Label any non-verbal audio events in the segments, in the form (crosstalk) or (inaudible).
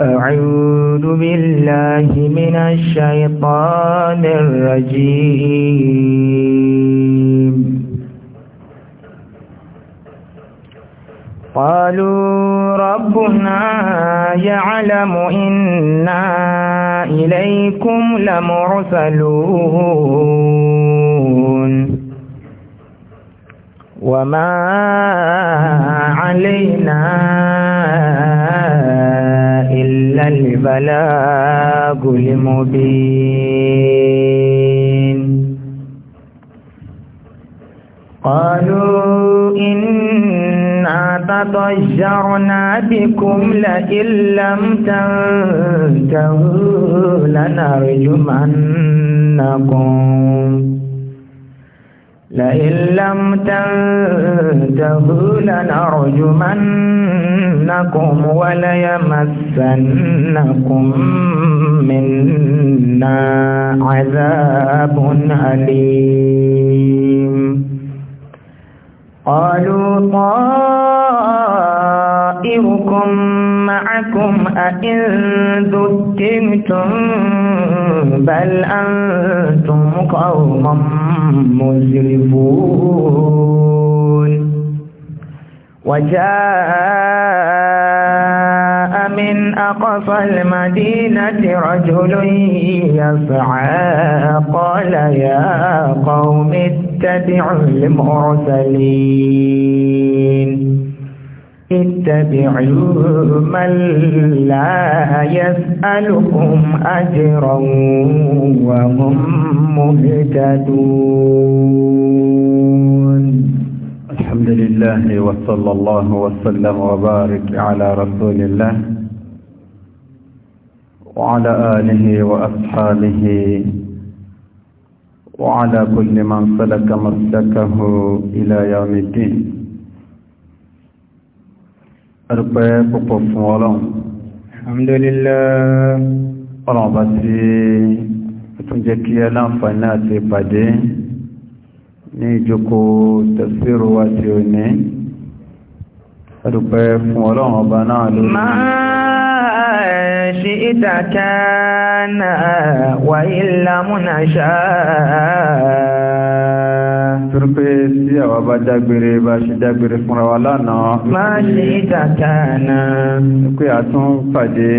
أعوذ بالله من الشيطان الرجيم قالوا ربنا يعلم إنا إليكم لمرسلون وما علينا إلا البلاغ المبين قالوا إنا تطجرنا بكم لئن لم تنتهوا لنرجمنكم لئن لم تنتهوا لنرجمنكم وليمسنكم منا عذاب أليم قالوا طال طائركم معكم أئن ذكرتم بل أنتم قوم مزرفون وجاء من أقصى المدينة رجل يسعى قال يا قوم اتبعوا المرسلين اتبعوا من لا يسألهم أجرا وهم مهتدون الحمد لله وصلى الله وسلم وبارك على رسول الله وعلى آله وأصحابه وعلى كل من سلك مسلكه إلى يوم الدين ẹ̀rùpẹ́ púpọ̀ fún ọlọ́run alhamdulillah ọlọ́run bá ti tún jẹ́ kí ẹ láǹfààní àti ìpàdé ní ìjókòó tẹ̀síro wa ti ò ní ẹ̀rùpẹ́ fún ọlọ́run ọba náà lórí شئت كان وإلا torí pé tí àwa bá dágbére bá ṣe dágbére fúnra wa lánàá. máa ṣe dàtà náà. pé a tún pàdé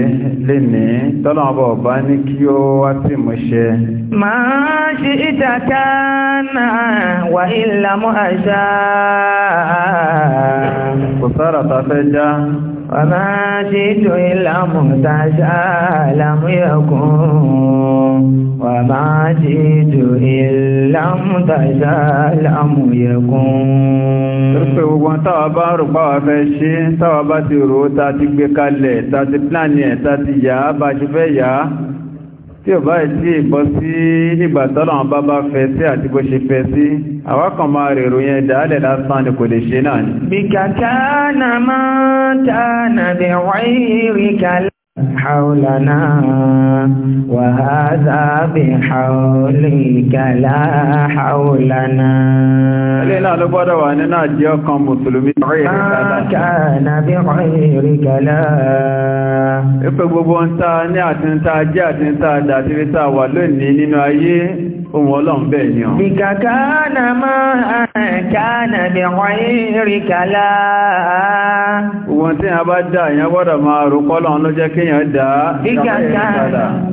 lénìí tọ́lọ́ ọba ọba ní kí ó wá sí ìmúṣẹ. máa ṣe dàtà náà wà ìlàmú àṣà. kò sára tá a fẹ́ já. وما شئت إلا مهتشى لم يكن وما شئت إلا مهتشى لم يكن Pé gbogbo táwa bá rò páwà fẹ́ ṣe, táwa bá ti rò ó, ta ti gbé kalẹ̀, ta ti pláàni ẹ̀, ta ti yà á, bá ṣe fẹ́ yà á tí ò bá ìdí ìbọ́ sí ìgbà tọ́lọ̀ bá bá fẹ́ sí àti bó ṣe fẹ́ sí àwákan máa rèrò yẹn dáálẹ̀ lásán ni kò lè ṣe náà ni. حولنا وهذا بحولك لا حولنا لنا لبدا وانا جيكم مسلمين ما كان بغيرك لا Ipe gbogbo ń ta ní àti ń ta jẹ́ àti ohun ọlọ́run bẹ́ẹ̀ ni ọ̀n. ìkàkà náà máa kánà bí ọ̀rí kàlá. ohun tí a bá dá èèyàn gbọ́dọ̀ máa rò kọ́lọ̀ ló jẹ́ kéèyàn dá.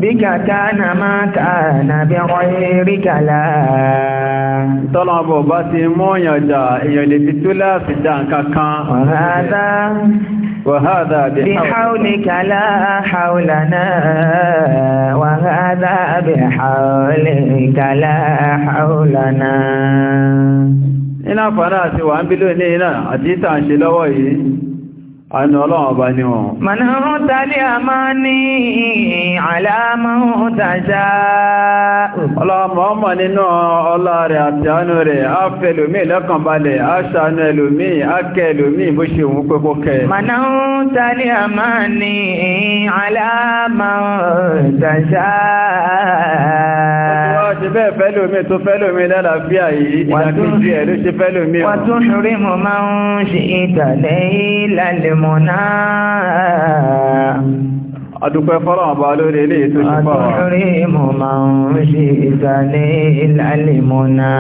bíkàkà náà máa kánà bí ọ̀rí kàlá. tọ́lọ́ وهذا بحولك لا حولنا وهذا بحولك لا حولنا iná fara àti wà ń bí lónìí náà àti ìtàn ṣe lọ́wọ́ yìí Àánú ọlọ́run ọba ni wọn. Màná rán tàbí a máa ní àlàámọ́ tàjá. Ọlọ́mọ ọmọ nínú ọlá rẹ̀ àti àánú rẹ̀, a fẹ́ lòmí lọ́kànbalẹ̀, a ṣàánú ẹlòmí, a kẹ́ lòmí bó ṣe òun pé kó kẹ́. Màná rán tàbí a máa ní àlàámọ́ tàjá. Ó ti bẹ́ẹ̀ fẹ́ lòmí tó fẹ́ lòmí lálàáfíà yìí, ìdàkejì ẹ̀ ló ṣe fẹ́ lòmí. Wàtún rí mo máa ń ṣe ìtàlẹ́ ìlàlẹ̀ منى Adúpẹ́ fọ́lọ́wọ̀n bá lórí ilé ètò ṣùgbọ́n. Àtúrí mo máa ń ṣe ìsàlẹ̀ ìlàlèmọ́nà.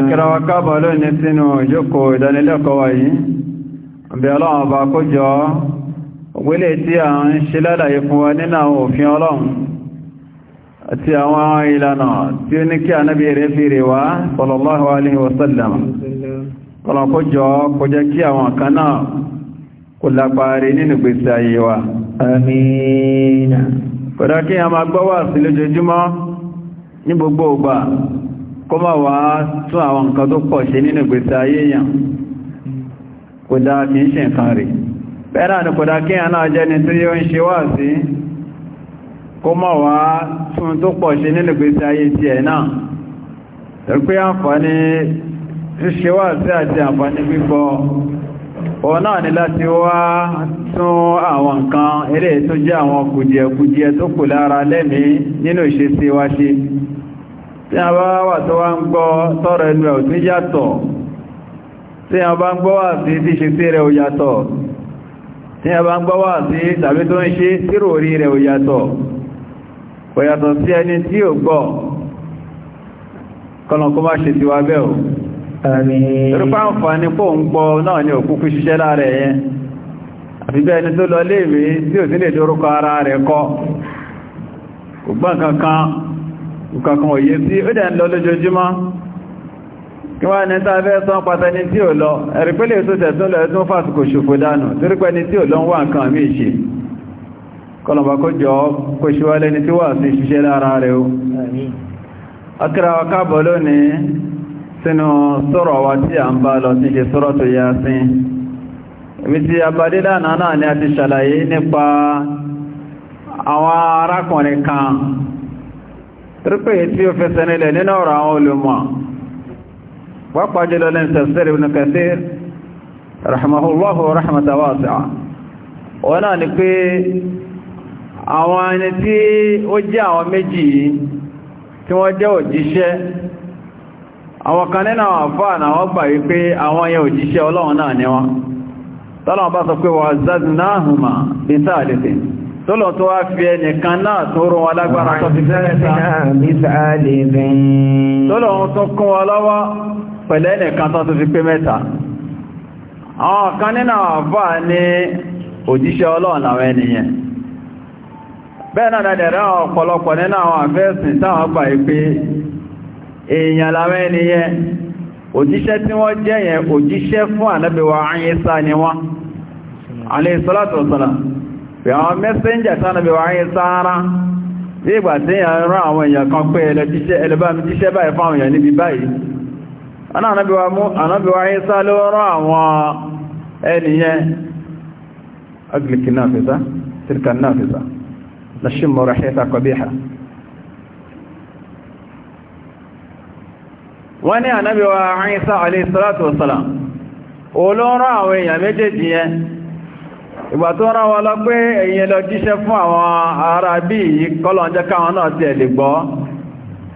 Akẹ́rọwà kábọ̀ lónìí sínú ìjókòó ìdánilẹ́kọ̀ọ́ wa yìí. Àbí ọlọ́wọ̀n bá kó jọ ògbélé tí a ń ṣe lálàyé fún wa nínú àwọn òfin kò lápàárí nínú gbèsè ayé wa amina kódà kí a máa wà sí ní gbogbo ọgbà kó máa wà tún àwọn nǹkan tó pọ̀ ṣe nínú gbèsè ayé yàn kódà kí ń ṣe nǹkan rẹ̀ bẹ́ẹ̀rẹ̀ ni kódà kí a náà jẹ́ni tó yóò ń ṣe wà sí kó máa tún tó pọ̀ ṣe nínú gbèsè ayé náà àǹfààní ṣíṣe wà òun náà ni láti wá tún àwọn nǹkan eré tó jẹ́ àwọn kùjẹkùjẹ tó kù lára lẹ́mí nínú ìṣesí wa ṣe tí a bá wà tó wá ń gbọ́ tọ́rọ ẹnu ẹ̀ ò tún yàtọ̀ tí a bá ń gbọ́ wà sí tí ṣe sí rẹ̀ ò yàtọ̀ tí a bá ń gbọ́ wà sí tàbí tó ń ṣe sírò orí rẹ̀ ò yàtọ̀ kò yàtọ̀ sí ẹni tí ò gbọ́ kọlọ̀kọ́ má ṣe ti wá bẹ́ẹ̀ Ìrúfà ń fa ní pò ń gbọ́ náà ni òkúkú ṣiṣẹ́ láàrẹ̀ yẹn. Àfibẹ́ ẹni tó lọ léèwé tí ò sí lè dórúkọ ara rẹ̀ kọ. Ògbọ́n kankan, kankan òye tí ó dẹ̀ ń lọ lójoojúmọ́. Kí wá ní tàbẹ́ sán pàtà tí ò lọ, ẹ̀rí pé lè tó lọ ẹ̀tún fàsìkò ṣòfò dànù, torípẹ́ tí ò lọ ń wà nǹkan mí ṣe. Kọlọ̀bà kó jọ kó tí wà sí ṣiṣẹ́ lára rẹ̀ o. Akíra wa lónìí, sínú sọ́rọ̀ wa tí a ń bá lọ tí ṣe sọ́rọ̀ tó yá sí ibi tí a bá dé lánàá náà ni a ti ṣàlàyé nípa àwọn arákùnrin kan rípé tí ó fẹsẹ̀ nílẹ̀ nínú ọ̀rọ̀ àwọn olùmọ̀ pápá jùlọ tí wọ́n jẹ́ òjíṣẹ́ àwọn kan nínú àwọn àfáà na wọ́n gbà wípé àwọn yẹn òjíṣẹ́ ọlọ́run náà ni wọ́n tọ́lọ̀ bá sọ pé wà ma bí sáàdìtì tọ́lọ̀ tó wá fi ẹnìkan náà tó rún wọn lágbára tó ti fẹ́ mẹ́ta bẹ́ẹ̀ náà dẹ̀rẹ́ ọ̀pọ̀lọpọ̀ nínú àwọn àfẹ́sìn táwọn gbà èèyàn láwọn ènìyàn òjíṣẹ́ tí wọ́n jẹ́ yẹn òjíṣẹ́ fún Ànábì wa Ìsá ni wọ́n alayhi salatu wassalam pé àwọn mẹ́sẹ́njà tí Ànábì wa Ìsá ara bí ìgbà tí èèyàn rán àwọn èèyàn kan pé ẹlẹ́bàmí jíṣẹ́ báyìí fún àwọn èèyàn níbi báyìí Ànábì wa Ìsá ló rán àwọn ènìyàn aglikina fisa tilka nafisa nashimu rahita qabiha wọ́n ní ànábì wa Ìsá o salatu wassalam olóòrán àwọn èèyàn méjèèjì yẹn ìgbà tó rán wọn lọ pé lọ jíṣẹ́ fún àwọn arábí bí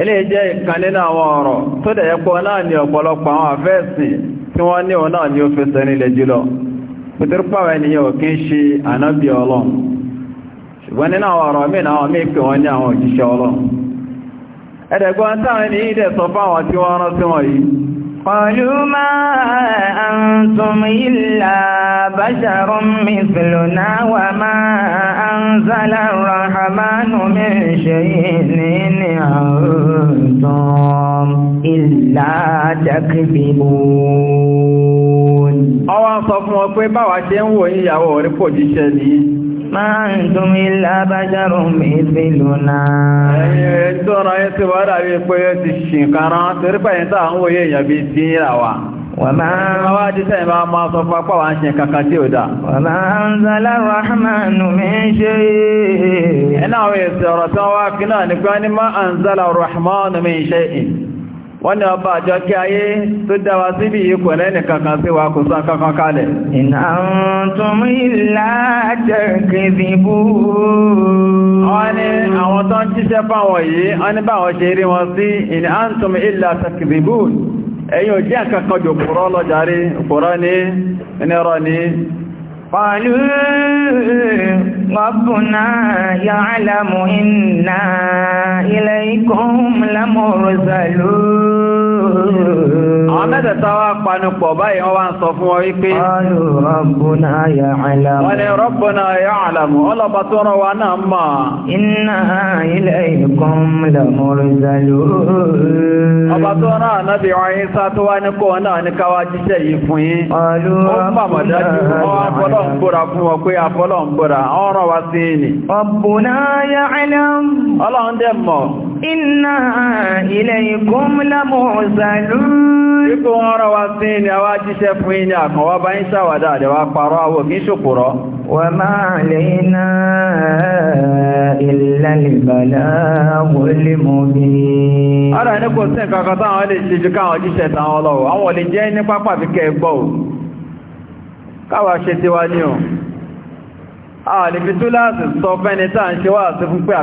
ilé jẹ́ ìkan nínú àwọn ọ̀rọ̀ tó dẹ̀ ẹ̀pọ̀ náà ni ọ̀pọ̀lọpọ̀ àwọn àfẹ́ẹ̀sì tí wọ́n ní òun náà ni ó fẹsẹ̀ nílẹ̀ jùlọ pẹ̀tẹ̀rúpàwẹ̀ ènìyàn kí ń ṣe ànábì ọlọ́run ṣùgbọ́n nínú àwọn ọ̀rọ̀ míì náà míì pè wọ́n ní àwọn قالوا ما أنتم إلا بشر مثلنا وما أنزل الرحمن من شيء إن أنتم إلا تكذبون. Àwọn sọ fún ọ pé báwa ṣe ń máa ń tún ilá bájárò méjì lónà. ẹ̀yìn tọ́ra yẹn ti wọ́n dàbí pé ó ti ṣìnkàrá torí pẹ̀yìn tá à ń wòye máa sọ fún apá wa ń ṣe kankan tí ó dá. Wàmá ń zàlá Rahmanu mi ṣe. Ẹ̀nà àwọn èsì ọ̀rọ̀ tí wọ́n wá kí náà nípa ní máa ń zàlá Rahmanu mi ṣe wọ́n ní ọba àjọ kí ayé tó dáwà síbí ikò lẹ́nì kankan sí wa kò sọ kankan kalẹ̀. ìnà tún ìlà jẹ́kìdì bú. wọ́n ní àwọn tó ń jíṣẹ́ fáwọn yìí wọ́n ní báwọn ṣe rí wọn sí ìnà tún ìlà jẹ́kìdì bú. ẹ̀yin ò jẹ́ kankan kúrọ́ lọ́jàrí kúrọ́ ní ẹni ní قالوا ربنا يعلم إنا إليكم لمرسلون àwọn mẹ́tẹ̀ẹ̀ta wá panupọ̀ báyìí wọ́n wá ń sọ fún wọn wípé Rabbuna ya'lamu wọ́n ni Rabbuna ya'lamu ọlọ́ba tó rán wa náà mọ̀ inna ilaykum lamursalun ọba tó rán ànábì ọ̀yìn sá tó wá ní náà ní káwá jíṣẹ́ yìí fún yín ó pàmọ̀ dájú wọ́n afọ́lọ́ ń bóra fún wọn torí pé wọ́n rán wa sí ní a wá jíṣẹ́ fún yín ní àkànwá bá ṣàwádà àdẹ̀wà parọ́ àwọ̀ kí ṣòkòrọ́. wà máa lè iná ìlàlìbàlá wọlé mú bí. ara ní kò sí nǹkan kan táwọn lè ṣe ju káwọn jíṣẹ́ táwọn lọ́wọ́ àwọn lè jẹ́ ní pápá fi kẹ́ gbọ́ ṣe tiwa o lè fi túláàsì sọ fẹ́ni à ń ṣe wá sí fún pé ó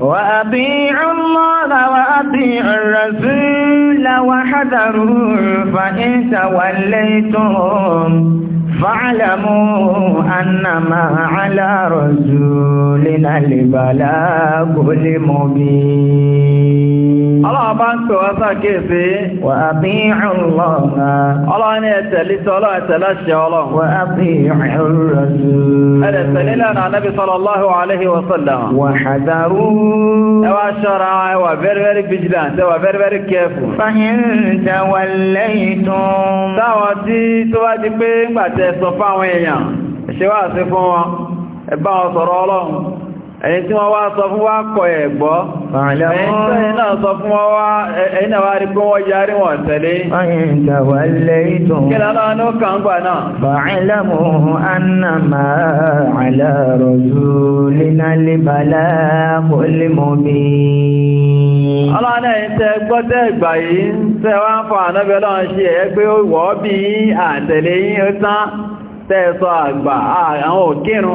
وأطيعوا الله وأطيعوا الرسول وحذروا فإن توليتم فاعلموا أنما على رسولنا البلاغ المبين Ọlọ́run bá ń pè wá sàkíyèsí. Wà á bí ọlọ́ọ̀nà. Ọlọ́run ni ẹ̀tẹ̀lé tí ọlọ́run ẹ̀tẹ̀lá ṣe ọlọ́run. Wà á bí ọlọ́ọ̀nà. Ẹ̀rẹ̀ tẹ̀lé lẹ́nà Anábì sallallahu alaihi wa sallam. Wà hàdàrú. Ẹ wá ṣọ́ra ẹ tí tó bá ṣe wá ẹni tí wọ́n wá sọ fún wá kọ̀ ẹ̀gbọ́ ẹni náà rí pé wọ́n yarí wọ́n tẹ̀lé kílá náà ní ó kàn gbà náà fàílẹ̀mù annàmà àlàrọ̀jú línàlébàlá olímọ̀bí ọlọ́nà ìtẹ́ gbọ́tẹ́ ìgbà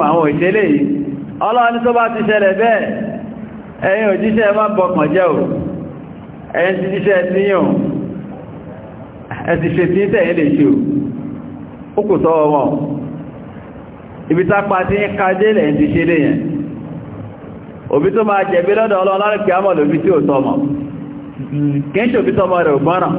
yìí ń ọlọ́ni tó bá ti ṣẹlẹ̀ bẹ́ẹ̀ ẹ̀yin òjíṣẹ́ má bọkàn jẹ́ ò ẹ̀yin ti jíṣẹ́ tíyàn ẹ̀sì ṣe tí tẹ̀yìn lè ṣe ò kò tọ́ wọn ibi tápa tí ń kájé lẹ́yìn ti ṣe léyìn òbí tó máa jẹ̀bi lọ́dọ̀ ọlọ́run kí á mọ̀ lóbi tí ò tọ́mọ̀ kí ń ṣòbí tọ́mọ̀ rẹ̀ ò gbọ́ràn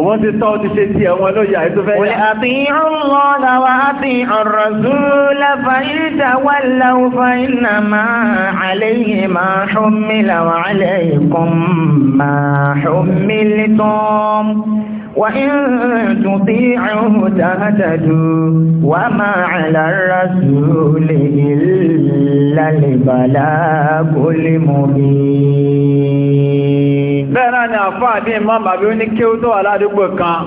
òun ti tọ́ ti ṣe tí ẹ̀wọ̀n lóyà ètò fẹ́ yà. Olè àti ọlọ́lá wa àti ọ̀rọ̀ zúúlá fàyíta wà láwù fàyínà máa àléyìn máa ṣọ́mílà wà àléyìn kan máa ṣọ́mílì tán. وإن تطيعه تهتدوا وما bẹ́ẹ̀ náà ni àfáà bí imam àbí ó ní kí ó tó wà ládùúgbò kan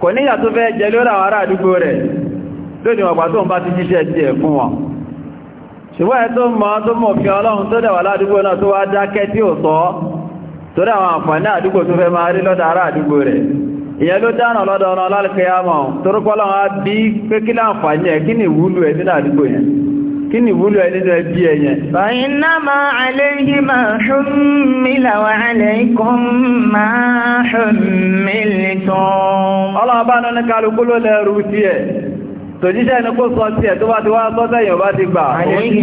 kò níyà tó fẹ́ jẹ lórí àwọn ará àdúgbò rẹ̀ lónìí ọ̀pá tó ń bá ti jíṣẹ́ ti fún wọn ṣùgbọ́n ẹ tó mọ́ tó mọ̀ fi ọlọ́run tó dẹ̀ wà náà tó wá kí ni ìwúlò ẹlẹ́dọ̀ ẹbí ẹ̀yẹn. bàyínà máa àlẹ́yìí máa ṣùmílà wà àlẹ́kùn máa ṣùmílì tán. ọlọ́ọ̀bá náà kálukú ló lẹ́rù tí ẹ̀ tòjíṣẹ́ ni kó sọ tí ẹ̀ tó bá ti wá sọ́tẹ̀ yóò bá ti gbà àyíkì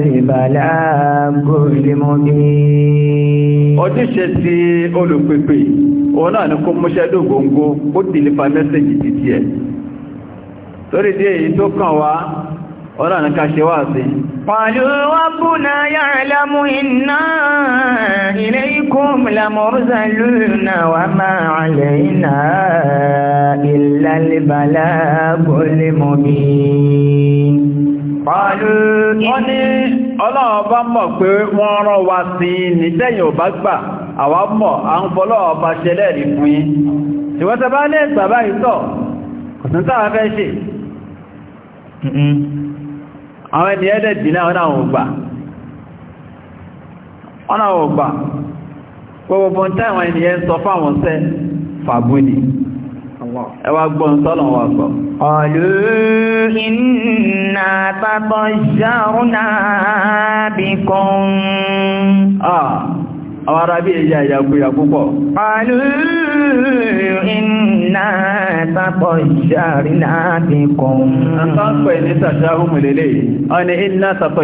البلاغ المبين ojúṣe ti olùpèpè òun náà ni kó múṣẹ́ dògóngó ó dìlípa mẹ́sẹ̀jì títí ẹ̀ torí dé èyí tó kàn wá ọ̀nà ni ká ṣe wá sí pàlú rabbuna ya'lamu inna ilaykum lamursaluna wa ma alayna illa al-balagul mubin wọ́n ní bá mọ̀ pé wọ́n rán wa sí ní tẹ́yìn ò bá gbà àwa mọ̀ à ń fọlọ́ọ̀bá ṣe rí fún yín ìwọ́tẹ̀ bá ní ẹ̀sà báyìí tọ̀ kùsùn tàà fẹ́ ṣe àwọn ènìyàn ẹ̀dẹ̀ dì náà ọ̀nà ògbà ọ̀nà gbogbo ẹ wá gbọ́n sọ́lọ̀ wà sọ. ọ̀lú iná tàbọ̀ ṣàrúnà bí kan. àwọn arábí ẹ̀yà ìyàkúyà púpọ̀. ọ̀lú iná tàbọ̀ ṣàrúnà bí kan. ọ̀nà iná tàbọ̀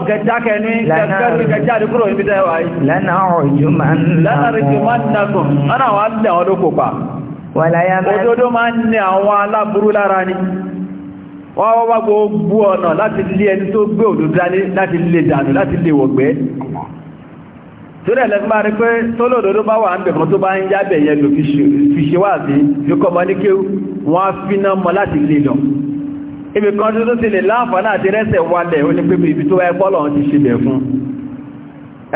stop gẹjákẹ ní gẹjáde kúrò níbi tẹ́wàá yìí lẹ́nà ọ̀rọ̀jùmọ́nàkùn ọ̀nà wà lẹ́ ọdún kò pa òdodo máa ń ní àwọn aláburú lára ní wọ́n wá gbogbo ọ̀nà láti lé ẹni tó gbé òdodo dání láti lé dànù láti lé wọ̀gbẹ́ torílẹ̀ máa rí pé tólódodo bá wà ń bẹ̀kan ibi kan tó tó ti lè láàfà náà ti rẹ́sẹ̀ wálẹ̀ ó ní pépé ibi tó ẹ pọ́lọ̀ ti ṣe bẹ̀ fún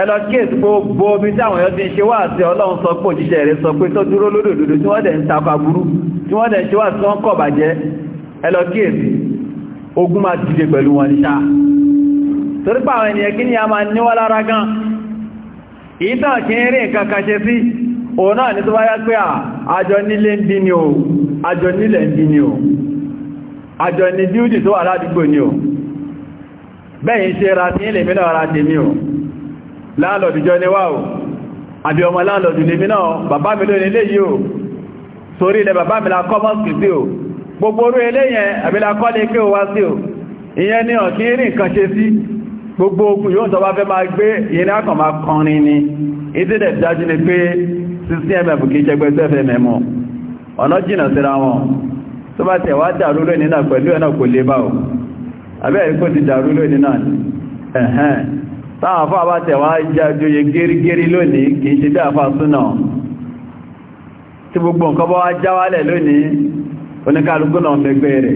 ẹlọ kéèsì gbogbo omi tí àwọn èèyàn ti ń ṣe wá àti ọlọ́run sọ pé òjíṣẹ́ rẹ̀ sọ pé tó dúró lódòdó tí wọ́n dẹ̀ ń takọ aburú tí wọ́n dẹ̀ ń ṣe wá sí wọ́n kọ̀ bàjẹ́ ẹlọ kéèsì ogun máa dìde pẹ̀lú wọn ní torí pé àwọn ènìyàn kí ni a máa níwá lára gan èyí tàn kí ń rí nǹkan kan ṣe sí òun náà ní tó bá yá pé àjọ nílé ń bí ni o àjọ nílẹ̀ ń bí ni o àjọ ni díúdì tó wà ládùúgbò ní o bẹ́yìn ṣe ra tí ilẹ̀ mìíràn ara ti ní o láàlọ́dùjọ ni wá o àbí ọmọ láàlọ́dù lè mìíràn bàbá mi ló nílé yìí o sórí ilẹ̀ bàbá mi lákọ́ mọ́sù sí o gbogbo orú eléyẹn àbílá kọ́ lè pé o wá sí o ìyẹn ni ọ̀ kí rí nǹkan ṣe sí gbogbo ogun yóò tọ́ bá fẹ́ máa ọ̀nà jìnà síra wọn tó bá tẹ̀ wá dàrú lónìí náà pẹ̀lú ẹ̀nà kò lè bá ò abẹ́ẹ̀rí kò ti dàrú lónìí náà ẹ̀hẹ́n táwọn afọ́ àbá tẹ̀ wá jájóye gírígírí lónìí kì í ṣe bí àfà súnà tí gbogbo nǹkan bá wá jáwálẹ̀ lónìí oníkálukú náà mẹ́gbẹ́ rẹ̀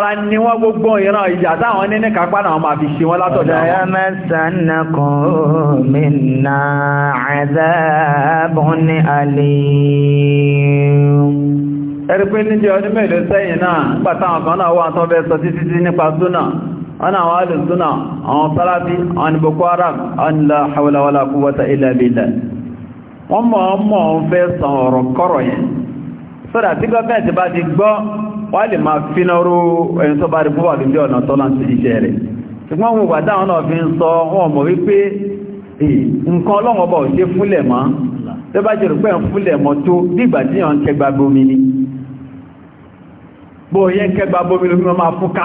ara ní wọ́n gbogbo ìran ìjà táwọn ní ní kápá náà máa fi ṣe wọ́n látọ̀dọ̀ àwọn. ọ̀dọ̀ ẹ̀mẹ́ sànà kan mi nà àdáàbọ̀ ní alẹ́. ẹ̀rí pé níjẹ́ ọdún mélòó sẹ́yìn náà nígbà kan náà wà tán fẹ́ sọ títí sí nípa súnà wọn àwọn alùsúnà àwọn sálábí àwọn Boko Haram àwọn la hawla wala quwwata illa billah wọ́n mọ̀ ọ́n mọ̀ sọ̀rọ̀ kọ́rọ̀ yẹn wọ́n lè máa fínáró ẹni tó bá rí púpà lójú ọ̀nà tọ́lá ti iṣẹ́ rẹ̀ ṣùgbọ́n wọn wàdá àwọn náà fi ń sọ wọn mọ̀ wípé nǹkan ọlọ́wọ́ bá ò ṣe fúnlẹ̀ mọ́ tó bá jẹ́rù pé ń fúnlẹ̀ mọ́ tó dìgbà tí yàn ń kẹgbà bomi ni bó yẹ kẹgbà bomi lómi máa fúnká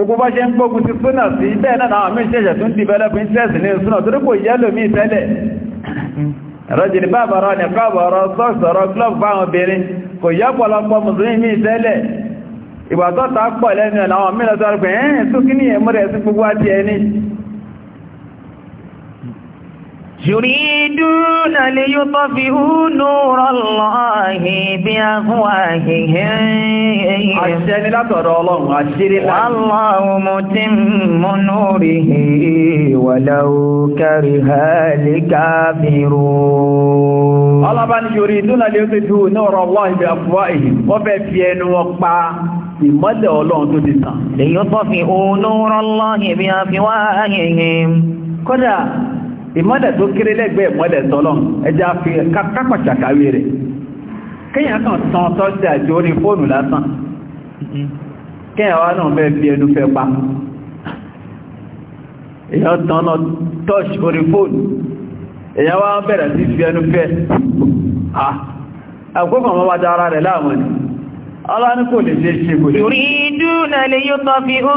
gbogbo bá ṣe ń gbógun ti súnà sí bẹ́ẹ̀ náà àwọn mí ṣẹ̀ṣẹ̀ tún develop interest ní súnà tó rípò yẹ́lò mí tẹ́lẹ̀ rọ́jìnì bàbàrọ̀ nìkọ́bọ̀rọ̀ sọ́ọ̀sọ̀rọ̀ club báwọn obìnrin kò yọ́pọ̀lọpọ̀ mùsùlùmí mí tẹ́lẹ̀ ìwà tọ́ta pọ̀ lẹ́nu àwọn mí lọ́tọ́rọ̀ pé ẹ́ẹ̀ ní ẹ̀mú rẹ̀ sí يريدون ليطفئوا نور الله بأفواههم àṣẹ ni látọ̀rọ̀ Ọlọ́run àṣírí láti والله متم نوره ولو كره الكافرون ọlọ́bá ni يريدون ليطفئوا نور الله بأفواههم wọ́n fẹ́ fi ẹnu wọn pa ìmọ́lẹ̀ Ọlọ́run tó ti tàn lيطفئوا نور الله بأفواههم kódà ìmọ́lẹ̀ tó kéré lẹ́gbẹ̀ẹ́ ìmọ́lẹ̀ tọ́lọ́n ẹja fi kápàṣàkàwé rẹ̀ kíyàn kan tán tọ́sí àti orí fóònù lásán kíyàn wá náà fẹ́ fi ẹnu fẹ́ pa èyàn tán náà tọ́ṣì orí fóònù èyàn wá bẹ̀rẹ̀ sí fi ẹnu fẹ́ àkókò mọ́ wájá ara rẹ̀ láàmù Aláni kò lè ṣe ṣe kò lè. Yuriduna liyutfi'u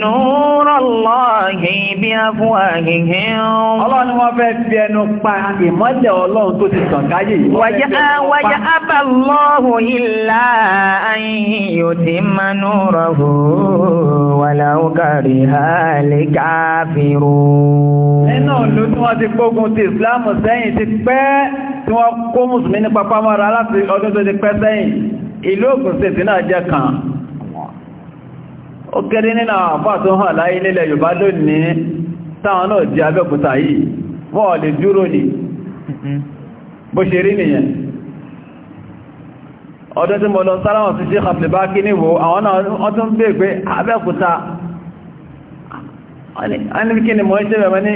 nura Allahi bi afwahihim. Ọlọ́ni wọ́n fẹ́ fi ẹnu pa ìmọ́lẹ̀ Ọlọ́run tó ti tàn káyè yìí. Wa ya'ba Allahu illa an yutimma nurahu walaw kariha al ìlú Ògùn sèsì náà jẹ́ kan ó kéré nínú àpá tó hàn láyé nílẹ̀ Yorùbá lónìí táwọn náà jẹ́ Abẹ́òkúta yìí wọ́n lè dúró ní bó ṣe rí nìyẹn ọdún tí mo lọ sáráwọ̀n sí ṣe kàfìlìbá kí níwò àwọn náà wọ́n ní kí ni mọ̀ ṣe bẹ̀rẹ̀ ní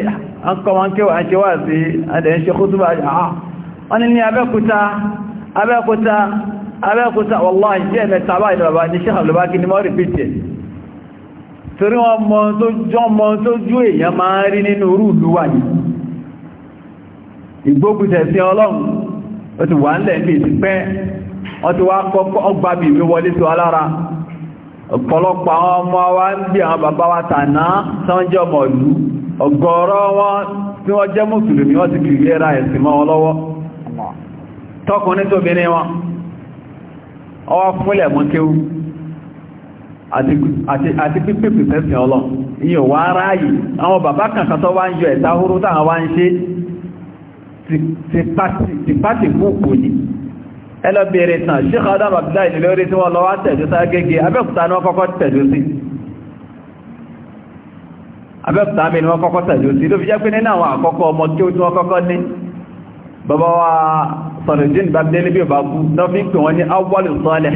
ọkọ̀wọ́nkẹwà ṣe wà sí adẹ̀ ṣe kútùbà wọ́n ní Abẹ́òkúta Abẹ́òkúta abẹ́kúta wàláhì jẹ́ mẹ́ta báyìí ni ní ṣe ni mọ́ rìpítẹ̀ torí wọn mọ́ tó jọ mọ́ tó jú èèyàn máa rí nínú orú ìlú wà ní te si ọlọ́run ó ti wà nílẹ̀ ní ti wa wọlé tó alára ọ̀pọ̀lọpọ̀ àwọn ọmọ wa ń bí wa tàná sánjọ́ mọ̀lú ọ̀gọ̀ọ̀rọ̀ wọn tí wọ́n jẹ́ mùsùlùmí wọ́n ti kìrì ẹra ẹ̀sìn mọ́ wọn tọkùnrin tóbi ní wọn ọwá fúnlẹ̀ mọ́ kéwú àti pípẹ́ pẹ̀sẹ̀ ọlọ́ iye wà ráyì àwọn bàbá kankan tó wá ń yọ ẹ̀ta húrú táwọn wá ń ṣe ti pàtì púpù ní ẹlọ́bẹ̀rẹ̀ tàn Sheikh Adam Abdullahi nílẹ̀ orí tí wọ́n lọ wá tẹ̀jú sá gẹ́gẹ́ Abẹ́òkúta ni wọ́n kọ́kọ́ tẹ̀jú sí Abẹ́òkúta mi ni wọ́n kọ́kọ́ tẹ̀jú sí ló fi jẹ́ pé nínú àwọn àkọ́kọ́ ọmọ kí ó tí wọ́n kọ́kọ́ ní bàbá wa sọ̀rọ̀dín bá délé bí ọba kú náà fi ń pè wọ́n ní awọ́lù sọ́ọ̀lẹ̀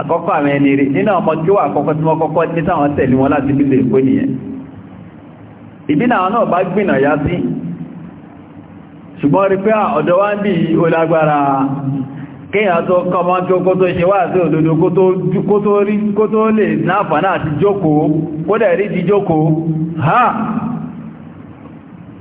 àkọ́kọ́ àwọn ẹni rí nínú ọmọ kí wà àkọ́kọ́ tí wọ́n kọ́kọ́ ní táwọn tẹ̀lé wọn láti bí lè nìyẹn náà bá gbìnà yá sí ṣùgbọ́n rí pé wá ń bí olágbára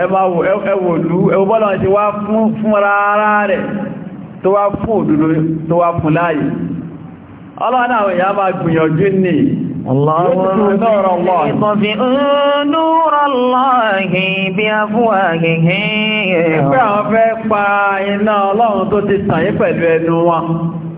ẹwàwò ẹwòlú ẹwòbọ́lọ̀ ti wá fún rárá rẹ̀ tó wá fún òdúró tó wá fún láàyè ọlọ́nà àwọn èèyàn máa gbìyànjú ní Ọlọ́run tó ti tàn yí pẹ̀lú ẹnu wọn.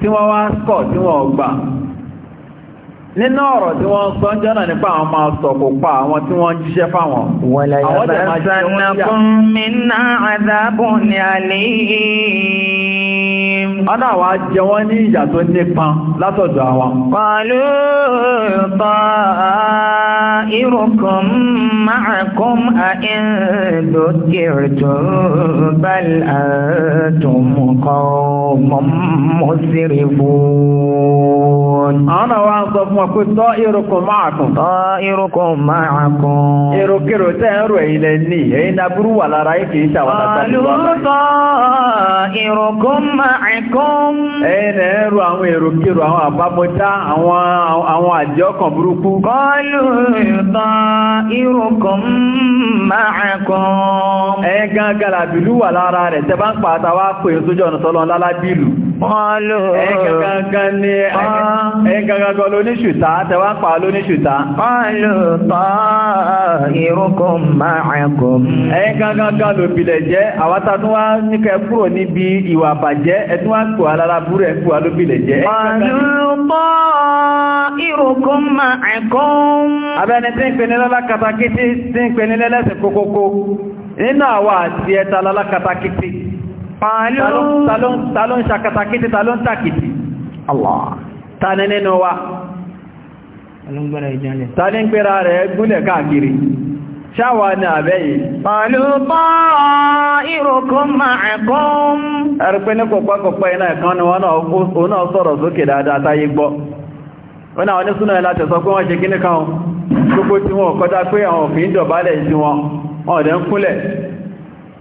tí wọ́n wá sọ̀ tí wọ́n gbà nínú ọ̀rọ̀ tí wọ́n sọ ń jọ́nà nípa àwọn máa sọ kò pa àwọn tí wọ́n jíṣẹ́ fáwọn ọ́nà àwọn ajẹ́ wọ́n ní ìyà tó nípan látọ̀dọ̀ àwọn qalu ta'irukum ma'akum a in dhukirtum bal antum qawm qawmun musrifun. àwọn náà wá ń sọ fún ọ pé tọ́ irukun máa kùn. tọ́ irukun máa kùn. èròkèrò tẹ́ ń rò ilẹ̀ ní ẹ̀yìn aburú wà lára yìí kì í ṣàwọn àtàlù wà. àlùtọ́ irukun máa kùn. ẹ̀yìn ẹ̀ ń ro àwọn kan burúkú. kọ́lù tọ́ irukun máa kùn. ẹ̀yìn gángan làbìlú wà lára rẹ̀ tẹ́ bá ń pàtàwá pè é sójú ọ̀nà sọ́lọ́ ńlá bábílù. Mọ́lò. Ẹ̀yìn kankan ló ní ṣùtá, tẹwà pa ló ní ṣùtá. Mọ́lò tọ́ ìrúkùn máàkùn. Ẹ̀yìn kankan ló bìlẹ̀ jẹ́, àwátá tún wá níkẹ́ kúrò níbi ìwà bàjẹ́, ẹ̀tún wá pò alára búrú ẹ̀ fún wa ló bìlẹ̀ jẹ́. Mọ́lò tọ́ ìrúkùn máàkùn. Abẹ́ni tí ń pè ní lọ́lá katakítí, talon ṣakatakiti talon takiti Allah ta ní wa ta ní pẹ́ra rẹ̀ gúnlẹ̀ káàkiri ṣáwà ní àbẹ́ ni wọ́n náà sọ̀rọ̀ sókè dáadáa táyé gbọ́ wọ́n náà ní súnà láti sọ pé wọ́n ṣe kíní kan gbogbo tí wọ́n kọjá pé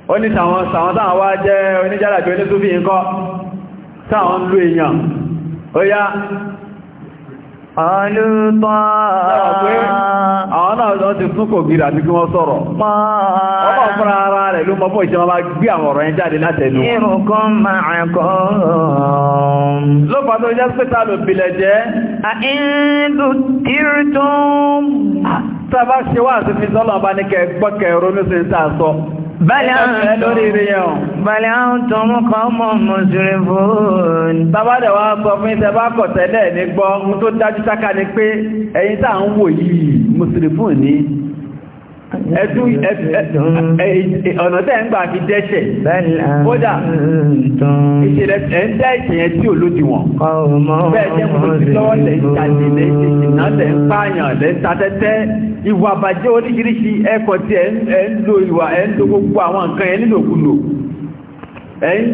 ó ní sàwọn sàwọn táwọn wá jẹ́ oníjàràjò onísúfí ǹkọ́ táwọn lú èèyàn ó yá àwọn náà ti kò gírí àti kí wọ́n ọmọ fún ara rẹ̀ ló mọ́ bọ́ ìṣẹ́ àwọn ọ̀rọ̀ yẹn jáde látẹnu ìrùkún máa kọ́ Bàlẹ̀ àwọn tó mú kọ mọ̀ mọ̀sùrẹ̀ fòón. Tàbádẹ̀ wá sọ fún ìtẹbá kọ̀tẹ̀lẹ̀ ní gbọ́, mú tó dájú sáká ni pé ẹ̀yin tá à ń wò yìí, mọ̀sùrẹ̀ fòón ní ọ̀nà tẹ́ ń gbà fi dẹ́ṣẹ̀ kódà ìṣẹ̀lẹ̀ ẹ̀ ń dá ìṣẹ̀ yẹn tí ò lódi wọn bẹ́ẹ̀ jẹ́ kò sí lọ́wọ́ lẹ̀ ń jáde lẹ̀ ń pààyàn tatẹ́tẹ́ ìwà oríṣiríṣi ẹ̀kọ́ tí ẹ̀ ń lo ìwà ẹ̀ ń lo gbogbo àwọn nǹkan yẹn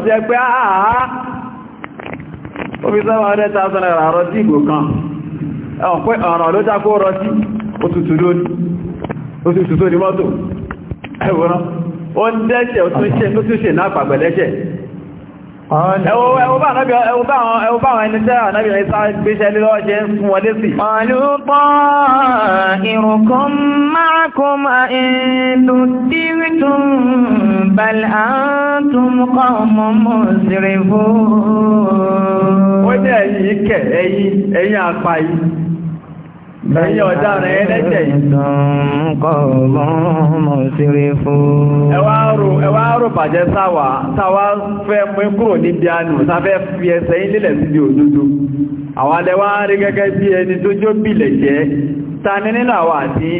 ọ̀tọ̀ ní omi sọ́wọ́ ọdẹ́ ta sọ́nà àrọ̀ sí ìgbò kan ọ̀pẹ́ ọ̀rọ̀ ló dákó rọ sí òtútù tó ní mọ́tò ẹwọ́n ó ń dẹ́ṣẹ̀ ó tún ṣe náà pàgbẹ̀lẹ́ṣẹ̀ Ẹwọ́báwọn ẹni tẹ́ ànábì Ìsá gbéṣẹ́ lílọ́ jẹ́ fún wọlé sí. Ọlúpọ̀ ìrùkún máa kún máa ìlú dírítún bal'ántún kọmọ mọ̀ sírìfò. Ó jẹ́ ẹ̀yìn kẹ́ ẹ̀yìn àpá yìí. Ẹ̀yin ọ̀daràn ẹlẹ́jẹ̀ yìí. Ẹ wá rò ẹ wá rò bàjẹ́ sáwà táwa fẹ́ mú kúrò níbi àánú sáfẹ́ fi ẹsẹ̀ yín lílẹ̀ sí di òdodo. Àwọn alẹ́ rí gẹ́gẹ́ bí ẹni tó jó bìlẹ̀ jẹ́. Ta ni nínú àwa àti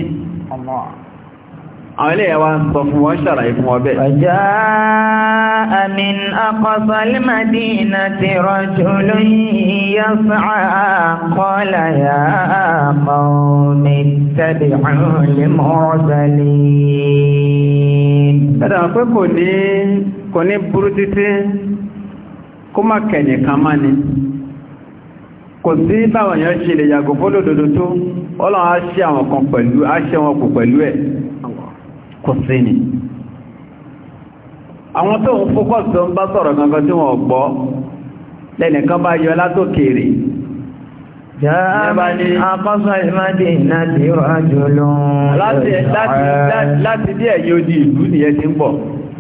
àwọn ilé ẹwà ń sọ fún wọn ṣàlàyé fún ọbẹ̀. ọjọ́ àmìn akọ́sọ́límàdì iná ti rọ̀jò lóyìn yọ́sọ́ àkọọ́lá yà àmọ́ mi tẹ̀lé àwọn kò kò ní kó sí kò sí ni àwọn tó ń tó ń bá sọ̀rọ̀ kankan tí wọ́n gbọ́ lẹ́nìkan bá yọ látòkèrè láti bí di ìlú nìyẹn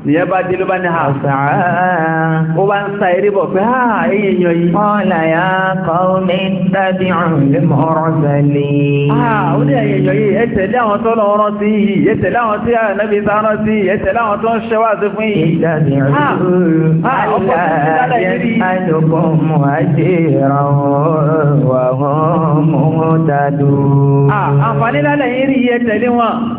nìyẹn bá dé ló bá ní ha sàá ó bá ń sa eré bọ̀ pé ha eyín yan yìí. ọ̀là ya kọ́ mi dábì ọ̀hún lè mọ ọ̀rọ̀ sẹ́lẹ̀. ó ní ẹ̀yìn yan yìí ẹ tẹ̀lé àwọn tó lọ ọ̀rọ̀ sí yìí ẹ tẹ̀lé àwọn tí ànábì sá ọ̀rọ̀ sí yìí ẹ tẹ̀lé àwọn tó ń ṣe wá sí fún yìí. ìdàbí ọ̀hún aláyẹ àjọpọ̀ mọ́ àti ìrànwọ́ àwọn mọ́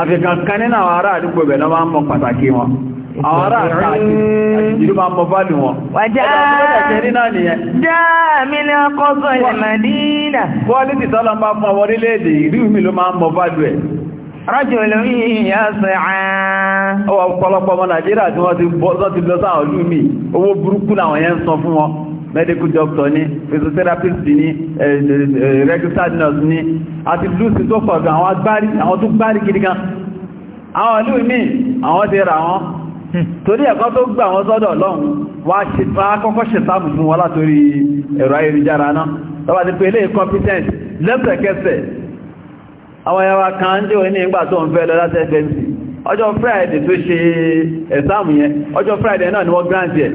àfikàn kan nínú àwọn ará àdúgbò bẹ̀ pàtàkì wọn àwọn ará àtàkì àjìjìrì máa ń fáàlì wọn jáàmìnà kọ́sọ̀ ìlàmàdínà wọ́lì ti tọ́lọ máa fún ti medical doctor ní physiotherapist ní eh, eh, eh, registered nurse ní àti lucy tó pọ̀ gan àwọn agbárí àwọn tó gbárí gidi gan àwọn ìlú mi àwọn ti ra wọn hmm. torí ẹ̀kọ́ tó gbà wọn sọ́dọ̀ lọ́n wá ṣètà kọ́kọ́ ṣètà fún wọn látorí ẹ̀rọ ayélujára náà tọ́wà ti pé ilé competent lẹ́sẹ̀kẹsẹ̀ àwọn ẹwà kan ń jẹ́ òní ìgbà tó ń fẹ́ lọ láti fmc ọjọ́ friday tó ṣe ẹ̀sáàmù yẹn ọjọ́ friday náà ni wọ́n grant yẹn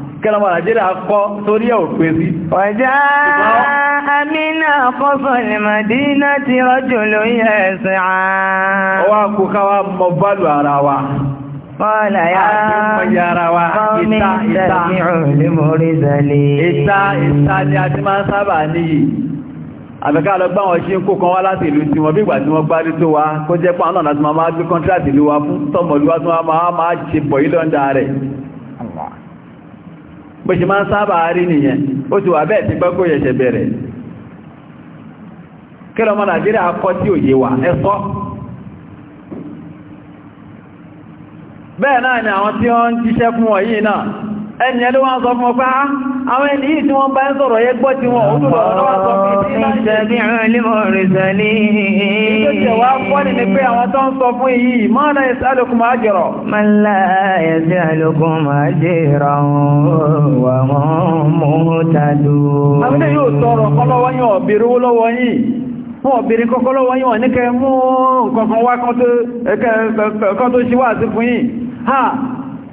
kẹlọmọ nàìjíríà kọ́ torí ẹ̀ òpè sí. ọ̀já amínà kọ́fọ̀ lèmọ̀dínà ti rọ́jò lórí ẹ̀sẹ̀ àá. ọwọ́ kò káwà mọ bálù ara wa. Kọ́lá yá kọ́mí tẹ̀sí òní ni a ti máa ń sábà níyì. Àbẹ̀ká lọ gbáwọn ṣe ń kó kan wá láti ìlú tí wọ́n bí ìgbà tí wọ́n gbárí tó wá kó jẹ́ pàánà láti máa gbé kọ́ntrátì ìlú fún tọ́mọ̀lúwá tí wọ́n máa máa ṣe pọ̀ ìlọ́ndà rẹ̀. bó ṣe máa ń sábà rí nìyẹn ó ti wà bẹ́ẹ̀ tí gbọ́gbọ́ yẹ̀ṣẹ̀ bẹ̀rẹ̀ kí lọ́mọ nàìjíríà kọ́ tí ò yé wa ẹ̀sọ́ bẹ́ẹ̀ náà ni àwọn tí wọ́n jíṣẹ́ fún wọ̀nyí náà ẹni ẹlú wọn sọ fún ọpá ah, àwọn ẹni yìí tí wọ́n bá ń sọ̀rọ̀ yẹ gbọ́ tí wọ́n òdúrò ọlọ́wọ́ sọ fún ìdí ìṣẹ́bí ìrìnlẹ́mọ̀ ìrìnlẹ́ ìjọ́jẹ̀ wá fọ́ ni ni pé àwọn tó ń sọ fún wọ́n obìnrin kọ́kọ́ lọ́wọ́ yíwọ̀n ní kẹ mú nǹkan wá kan tó ṣíwá sí fún yìí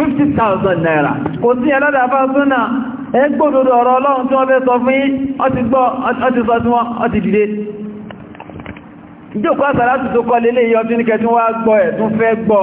50,000 naira kò sí ẹlọ́dà bá súnà ẹgbòdòdó ọ̀rọ̀ ọlọ́run tí wọ́n fẹ́ sọ fún yí ọti gbọ́ ọti sọ tí wọ́n ọti dìde ìjókòó àsàlátù tó kọ́ lélẹ́ yọ tí ní kẹtún wá gbọ́ ẹ̀ tún fẹ́ gbọ́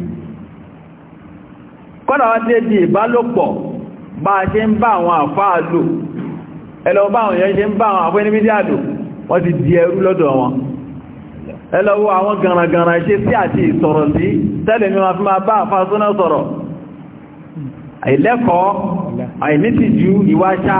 kọ́nà wá dé di ìbálòpọ̀ bá a ṣe ń bá àwọn àfáà lò ẹlọ bá àwọn èèyàn ṣe ń bá àwọn àfẹ́ ní mídíà lò wọ́n ti di ẹrú lọ́dọ̀ wọn ẹlọ wo àwọn gànràngànrà ṣe sí àti ìsọ̀rọ̀ sí tẹ́lẹ̀ mi wọn fi máa bá àfáà súná sọ̀rọ̀ àìlẹ́kọ̀ọ́ àìnítìjú ìwáṣá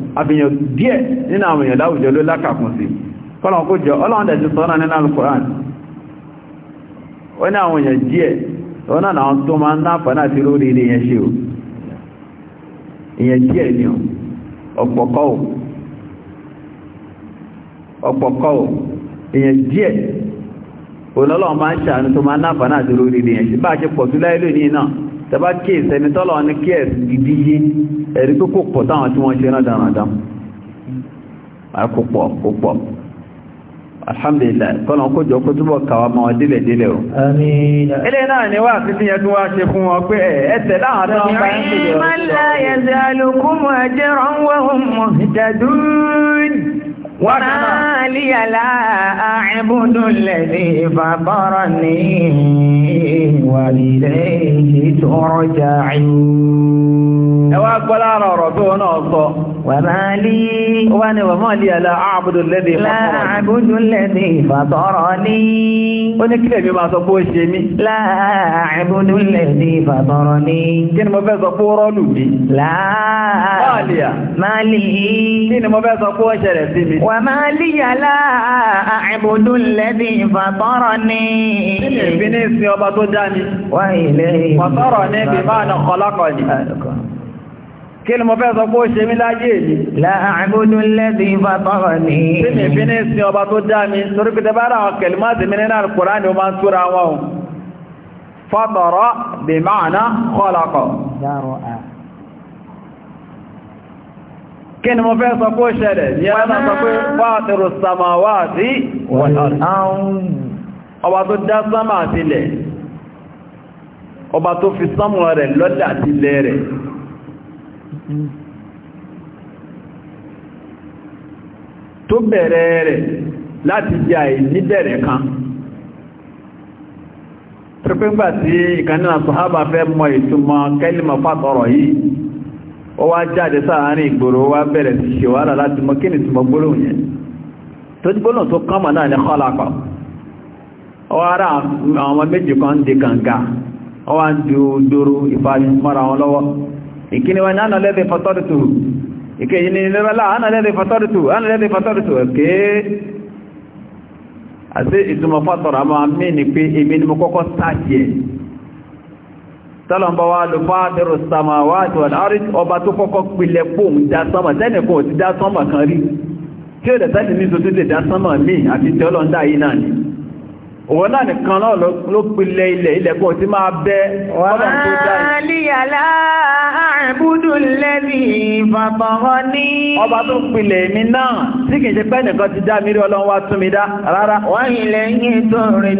àbìyàn díẹ̀ nínú àwọn èèyàn láwùjọ ló lákàkùn sí kọ́lọ̀n kó jọ ọlọ́run dẹ̀ ti sọ́nà nínú alukọ̀rán ó ní àwọn èèyàn díẹ̀ ọ̀nà àwọn tó máa ti rórí ilé yẹn ṣe o èèyàn díẹ̀ ni ọ̀pọ̀kọ́ o o máa ń ṣàánú tó máa ń náàfà náà ti rórí ilé yẹn bá pọ̀ ní náà tẹba kí ìsẹni tọ́lọ ní kí ẹ̀sì gidi yé ẹ̀rí tó kò pọ̀ táwọn tí wọ́n ṣe náà dáradá àkópọ̀ púpọ̀ alhamdulillah kọ́nà kó jọ kó túbọ̀ kàwà ma وما لي لا أعبد الذي فطرني وإليه ترجعون ẹ wá gbọ́ lára ọ̀rọ̀ bí wọn náà sọ. wà á máa lé. ó wá ní wàmọ́ lé àlá àbùdó lẹ́dí ìfàtọ́rọ̀. lá àbùdó lẹ́dí ìfàtọ́rọ̀ ní. ó ní kílẹ̀ mi máa sọ pé ó ṣe mí. lá àbùdó lẹ́dí ìfàtọ́rọ̀ ní. kí ni mo fẹ́ sọ pé ó rọ́ọ̀lù mi. lá máàlìyà. máàlìyí. kí ni mo fẹ́ sọ pé ó ṣẹlẹ̀ sí mi. wà máa lé àlá àbùdó lẹ́dí ìfàtọ́rọ̀ ní. ni ìbí ni. wà kí ni mo fẹ́ sọ pé ó ṣe mí láyé èyí láàbùdó lẹ́bí bàbáwà ní ìsinmi fi ní ìsin ọba tó dá mi torí pé tẹbára àwọn kẹlìmáàtì mi nínú alkùnrán ni ó máa ń túra wọn o fọ́tọ̀rọ̀ bí máàná kọ́lọ̀kọ̀ Hmm. tó bẹ̀rẹ̀ rẹ̀ láti jẹ́ àìníbẹ̀rẹ̀ kan pẹ̀pẹ̀gbà tí ìkànnà sọ̀hábà fẹ́ mọ ìtumọ̀ kẹ́lìmọ̀ fàtọ̀rọ̀ yìí ó wá jáde sáàárín ìgboro wá bẹ̀rẹ̀ sí ṣe wàhálà láti mọ kí ni túnmọ̀ gbólóhùn yẹn tó ti gbólóhùn tó kánmà náà ní kọ́lápà ó wá rá ìkíni wọn ní ànàlẹ́dẹ̀ fọ́tọ́rùtù ìkẹyì ní ìlẹ́rọlá ànàlẹ́dẹ̀ fọ́tọ́rùtù ànàlẹ́dẹ̀ fọ́tọ́rùtù ẹ̀kẹ́ àti ìtumọ̀ fọ́tọ̀rọ̀ àmọ́ àmì ní pé pe imini mukoko kọ́kọ́ sáàtì ẹ̀ tọ́lọ̀mbọ̀ wa lò fáàdẹ̀rọ̀ samawati wal ard ọba tó kọ́kọ́ pilẹ̀ pòun dá sánmà tẹ́nìkan ò ti dá sánmà kan rí tí ó lẹ̀ sẹ́ni ní tó tó lè dá sánmà míì àti tẹ́lọ̀ ń dá òwò náà nìkan náà ló pilẹ̀ ilẹ̀ ilẹ̀kùn tí máa bẹ́ ọlọ́run tó dáì. líyàlá àbúdù lẹ́bí fàbọ̀rọ̀ ní. ọba tó pilẹ̀ mi náà tí kìí ṣe pé nìkan ti dá mi ọlọ́run wá tún mi dá rárá. wọ́n ilẹ̀ yín tó rìn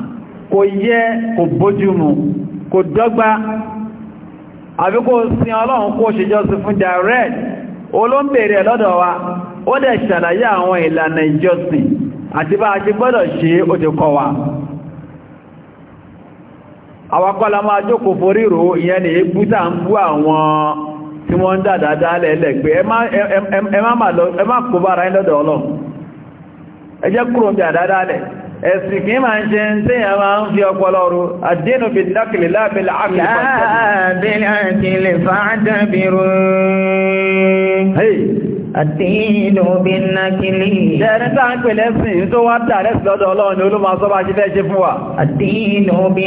kò yẹ kò bójúmu kò dọ́gba àbí kò sin ọlọ́run kó ṣe jọ́sìn fún direct olóńbèrè lọ́dọ̀ wa ó dẹ̀ ṣàlàyé àwọn ìlànà ìjọsìn àti bá a ti gbọ́dọ̀ ṣe ó ti kọ́ wa àwakọ́lá máa jókòó foríro ìyẹn ni èébú tàà ń bú àwọn tí wọ́n ń dàdà dálẹ̀ ẹlẹ́gbẹ́ ẹ má kó bára ẹ lọ́dọ̀ ọlọ́ ẹ jẹ́ kúrò ń dàdà dálẹ̀ ẹ̀sìn kí máa ń ṣe ń tí a máa ń fi ọpọlọ àdínú fi dákìlì lábílá àkìlì fàájẹ́bìrú Àdínú bí nákìlì. Ẹni tá ń pè lẹ́sìn tó wá tà lẹ́sìn lọ́dọ̀ Ọlọ́run ni olúmọ sọ́bà ti fẹ́ ṣe fún wa. Àdínú bí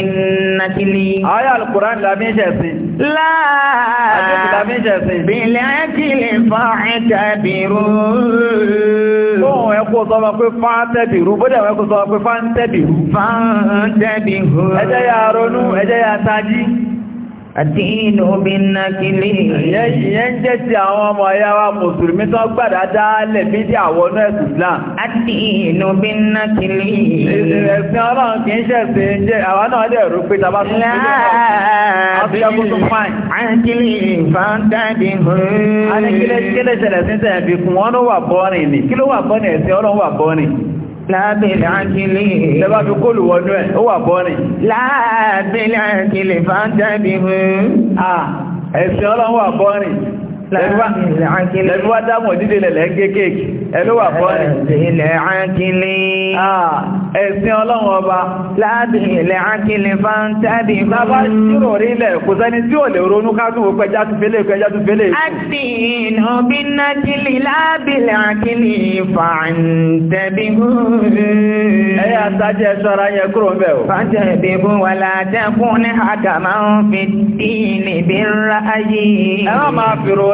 nákìlì. Ayá alùkùránì lábí ìṣẹ̀sìn. Láàá bí lẹ́kìlì fàákàbìrú. Fóhùn ẹkù sọ́mọ pé fáńtẹ́bìrú, bódẹ̀ ẹkù sọ́mọ pé fáńtẹ́bìrú. Fáńtẹ́bìrú. Ẹjẹ́ yà ronú, ẹjẹ́ yà tají. Àdínú bí ná kí lè ìyẹn jẹ́ ti àwọn ọmọ ẹ̀yà wa Mùsùlùmí tán gbàdá dálẹ̀ bí i àwọn ọ̀nà ẹ̀sùn Islam. Àdínú bí ná kí lè ẹ̀sìn ọlọ́run kìí ṣẹ̀sẹ̀ jẹ́ àwọn náà dẹ̀ rú pé tàbá tún sílẹ̀ ọ̀pọ̀ láàbìlì àjílì lẹ́bà fi kó wọnú ẹ̀ ó wà bọ́ rìn láàbìlì fàájẹ́ bí i ẹ̀sìn ọlọ́wọ́ àbọ́rìn lẹ́nu wá dámọ̀ dídé lẹ̀lẹ̀ kéèkéèkì ẹ̀lú wà fọ́ọ̀rì ilẹ̀ ákílé ẹ̀sìn ọlọ́run ọba láti ilẹ̀ ákílé fáńtàbí bábá ṣírò orílẹ̀ kò sẹ́ni tí ò lè ronú kátùwò pẹjá tún fẹ́lẹ̀ pẹjá tún fẹ́lẹ̀ àti ìnà bí nákílì lábílẹ̀ ákílé fàǹtàbí sájẹ́ ṣọ́ra yẹ kúrò ń bẹ̀ o fàǹtàbí wà látẹ́kún ní àkàmá ń fi dí ní bí ń ráyé ẹ̀rọ máa fèrò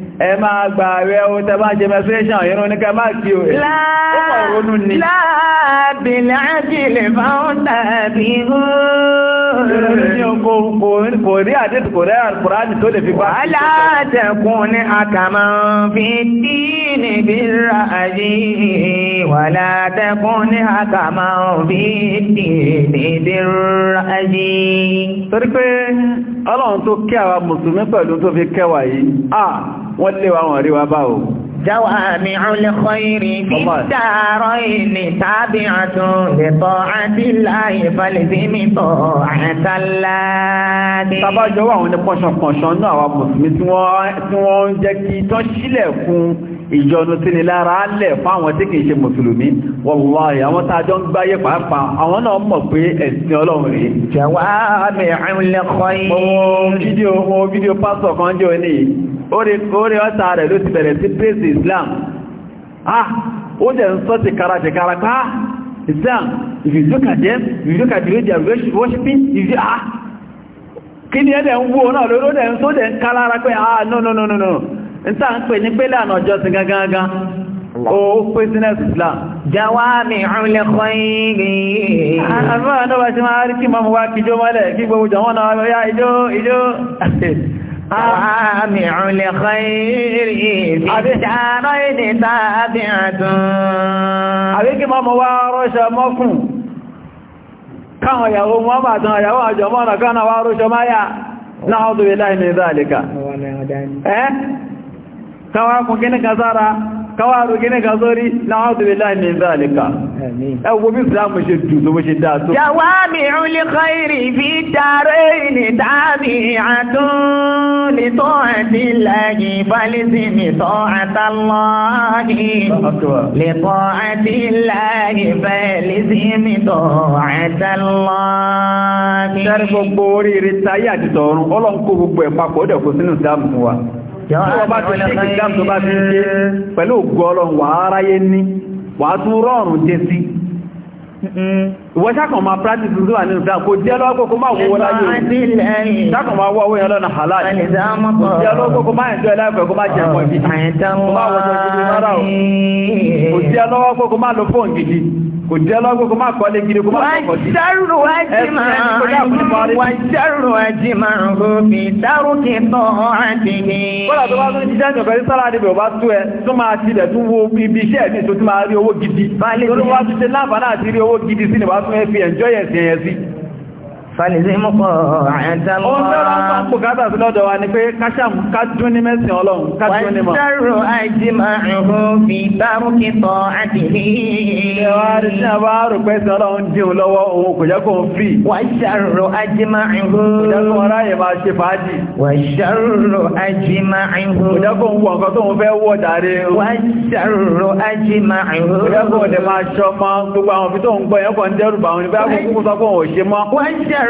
ẹ máa gbà rẹ̀ o tẹ bá jẹ menstruation ìrún ní kẹmà kí o ẹ̀ láàbìlẹ̀ àjílẹ̀ fáwọn tàbí kò rí àdíkù kò rẹ̀ àkùránì tó lè fi bá alátẹ̀kùn ní àkàmà fi tí ní bí ráàjí wàlátẹ̀kùn ní àkàmà fi tí ní bí ráàjí torí pé ọlọ́run tó kẹ́ àwa mùsùlùmí pẹ̀lú tó fi kẹwàá yìí wọ́n lé wa wọ́n rí wa báwo جوامع الخير في الدارين تابعة لطاعة الله فالزم طاعة الله Tàbá jọ wà àwọn pọ̀ṣọ̀pọ̀ṣọ̀ náà àwọn Mùsùlùmí tí wọ́n ń jẹ́ kí tán sílẹ̀ fún ìjọnu tí ni lára lẹ̀ fún àwọn tí kìí ṣe Mùsùlùmí. Wàláhì àwọn tàjọ ń gbáyé pàápàá, àwọn náà mọ̀ pé ẹ̀sìn Ọlọ́run rèé. Jawami'ul khayr. Mo orí ọ́ta rẹ̀ ló ti bẹ̀rẹ̀ sí praise Islam ah ó jẹ́ ń sọ́ ti kára jẹ kára pá ah, Islam if you look at them you look at the way they worshiping if you ah kí ni ẹ̀dẹ̀ ń wo náà lóró dẹ̀ ń só dẹ̀ ń ká pé ah no no no no no ń tà ń pè ní pé láàrín ọjọ́ sí gangan ó pé sínú Islam jawami'u l-khayri àbúrò náà bá ti máa rí kí mọ́mú wá kíjó mọ́lẹ̀ kí gbogbo jọ wọ́n náà yá ijó ijó (laughs) سوامع الخير في الدارين تابعة àbíkí máa mọ̀ wá rọ́ṣọ mọ́kùn káwọn ìyàwó wọn bá tán ìyàwó àjọ mọ́nà kan náà wá rọ́ṣọ máyà náà ọdún ilá ìmìnira àlìkà ẹ́ káwàrò gínẹ́ ga sórí láwọ́sí bí láì ní ìzáàlìkà ẹwọ́ bí ìsìlámù ṣe jù tó bó ṣe dáa tó yàwá mi ń lè kọ́ ìrì fi dáré ní dábì àtún lè tọ́ àti láyé fálísì ní tọ́ àtàlọ́ọ̀dì lè tọ́ àti láyé fálísì ní tọ́ àtàlọ́ọ̀dì tí wọ́n bá ti ṣe ìgbàm tó bá ti ṣe pẹ̀lú ògùn ọlọ́run wà á ní wà á tún rọrùn jẹ sí ìwọ́n ṣàkàn máa practice ní wà nínú dáa kò jẹ́ lọ́gbọ́kọ́ máa wọ́wọ́ láyé ṣàkàn máa wọ́wọ́ yẹn lọ́nà halal jẹ́ lọ́gbọ́kọ́ máa ẹ̀jọ́ ẹlẹ́fẹ̀ẹ́kọ́ máa jẹ́ mọ̀ ìbí kò jẹ́ lọ́gbọ́kọ́ máa lo fóòn gidi kò jẹ́ lọ́gbọ́kọ́ máa kọ́lé gidi kò máa kọ́ sí ẹ̀sìn àwọn tí wọ́n fi ẹ̀njọ́ fàlìsímù kọ̀ àyàntàlọ́. ó fẹ́ràn fún àpòkátà sí lọ́dọ̀ wa ni pé káṣàm kájú ní mẹ́sìn ọlọ́run kájú ní mọ̀. wọ́n dárò àjìmọ̀ àrùn fi bárúkì sọ àdìrí. ìwádìí tí a bá rò pé sọ ọlọ́run dín un lọ́wọ́ òun kò jẹ́ kó ń fi. wọ́n dárò àjìmọ̀ àrùn. kò jẹ́ máa ṣe fàájì. wọ́n dárò àjìmọ̀ àrùn. kò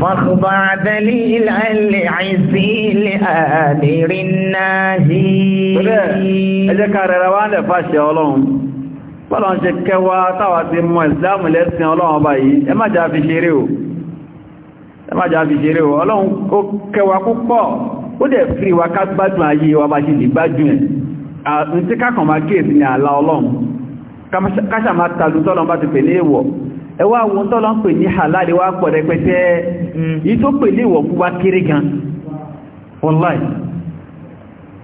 فاخضع ذليلا لعزي لآدر الناهي ẹjẹ́ ká rẹ̀rẹ̀ wá lẹ̀ fàṣẹ ọlọ́run bọ́lọ̀ ń ṣe kẹwa táwà ti mọ̀ ìsìláàmù lẹ́sìn ọlọ́run ọba yìí ẹ má jà fi ṣeré o ẹ má jà fi ṣeré o ọlọ́run ó kẹwa púpọ̀ ó dẹ̀ fi wa ká gbádùn ayé wa bá ṣe lè gbádùn ẹ̀ ǹtí kákan máa kéèsì ní àlà ọlọ́run káṣà máa tàlú tọ́lọ́run bá ti pè ní èèwọ̀ ẹwà àwọn tọ́lọ ń pè ní halal wá pọ̀ rẹpẹtẹ hmm. yìí tó pè ní kéré gan online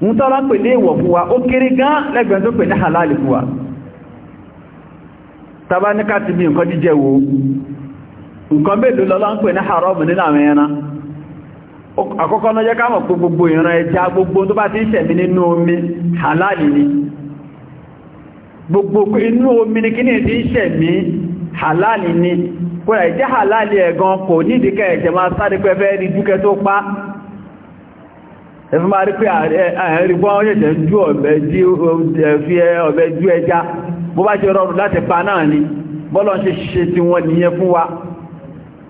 ń tọ́lọ ń pè ní ìwọ̀kú wá ó kéré gan lẹ́gbẹ̀ẹ́ tó pè ní halal fún tàbá ní ká ti bí nǹkan jíjẹ wo nǹkan mélòó lọ́lọ́ ń pè ní nínú halali ni kò rẹ̀ jẹ́ halali ẹ̀gan kò nídìíkẹ́ ẹ̀jẹ̀ máa sáré pẹ́fẹ́ rí dúkẹ́ tó pa ẹ̀fẹ́ máa rí pé ààrẹ̀rígbọ́n ọ̀yẹ̀jẹ̀ jú ọ̀bẹ̀ jú ẹja bó bá jẹ́ rọrùn láti pa náà ni bọ́lọ́n ṣe ṣe tí wọ́n nìyẹn fún wa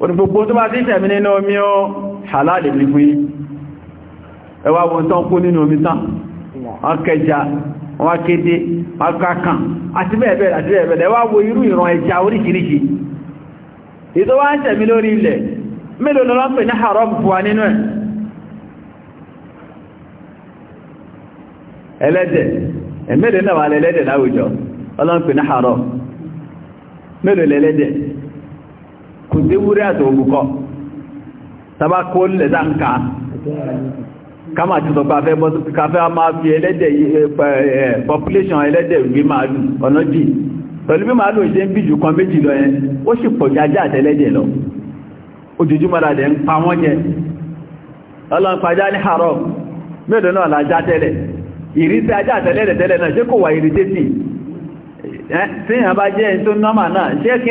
òdìgbogbo tó bá tíṣẹ̀ halali ní fún yí ẹwà wọn tán kú wọ́n kéde makakan àti bẹ́ẹ̀bẹ́ẹ̀ àti bẹ́ẹ̀bẹ́ẹ̀ wá wo irú ìran ẹja oríṣiríṣi ètò wá ń tẹ̀mí lórí ilẹ̀ mélòó lọ́lọ́ pè ní haram fúwa nínú ẹ̀ ẹlẹ́dẹ̀ ẹ̀mẹ́lẹ̀ náà wà lẹ́lẹ́dẹ̀ láwùjọ ọlọ́n pè ní haram mélòó lẹ́lẹ́dẹ̀ kò déwúrẹ́ kama ti sọ pàfẹ́ bọ́ kàfẹ́ a máa fi ẹlẹ́dẹ̀ population ẹlẹ́dẹ̀ ìwé màálù ọ̀nà jì pẹ̀lú bí màálù ìṣẹ́ ń bí jù kan méjì lọ yẹn ó sì pọ̀ jájá àtẹ́lẹ́dẹ̀ lọ ojoojúmọ́ra dẹ̀ ń pa wọ́n jẹ ọlọ́npàjá ní àárọ̀ mélòó náà lájá tẹ́lẹ̀ ìrísí ajá àtẹ́lẹ́dẹ̀ tẹ́lẹ̀ náà ṣé kò wà ìrísí tí ìyàn bá jẹ́ ẹni tó nọ́mà náà ṣé kí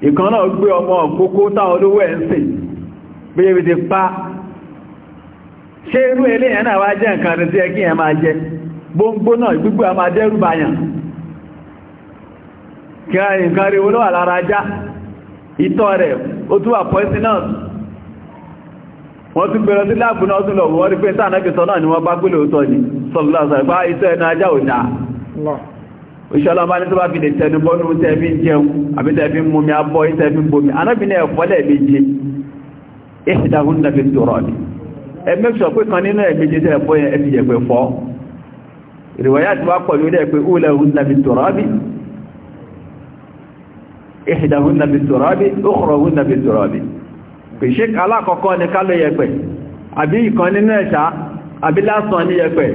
ìkan náà gbé ọmọ òkókó táwọn olówó ẹ̀ ń sè ti pa ṣe irú ilé yẹn wá jẹ́ nǹkan rí tí ẹkí yẹn máa jẹ gbóngbó náà gbígbó a máa dẹ́rù bàyàn kí a nǹkan rí lára ajá ìtọ́ rẹ̀ ó wọ́n tún gbẹ̀rọ òṣèlọ́mà ní tó bá fi lè tẹnu bọ́nú tẹ́bí jẹun àbí tẹ́bí mumi abọ́ tẹ́bí bomi anábìnrin ẹ̀fọ́lẹ̀ méje ìṣìdáhùn náà fi tòrọ̀ ní ẹmẹ́sọ̀ pé kan nínú ẹ̀mẹ́jẹ tẹ́ ẹ̀fọ́ yẹn ẹ̀fì jẹ̀pẹ̀ fọ́ ìrìwọ̀yá ti wá pọ̀lú ilẹ̀ pé ìhìdáhùn náà fi tòrọ̀ bí òkùrọ̀hùn náà fi tòrọ̀ bí kì í ṣe alákọ̀ọ́kọ́ ni ká ló yẹpẹ̀ àbí ìkan nínú ẹ̀ṣá àbí lásán ní yẹpẹ̀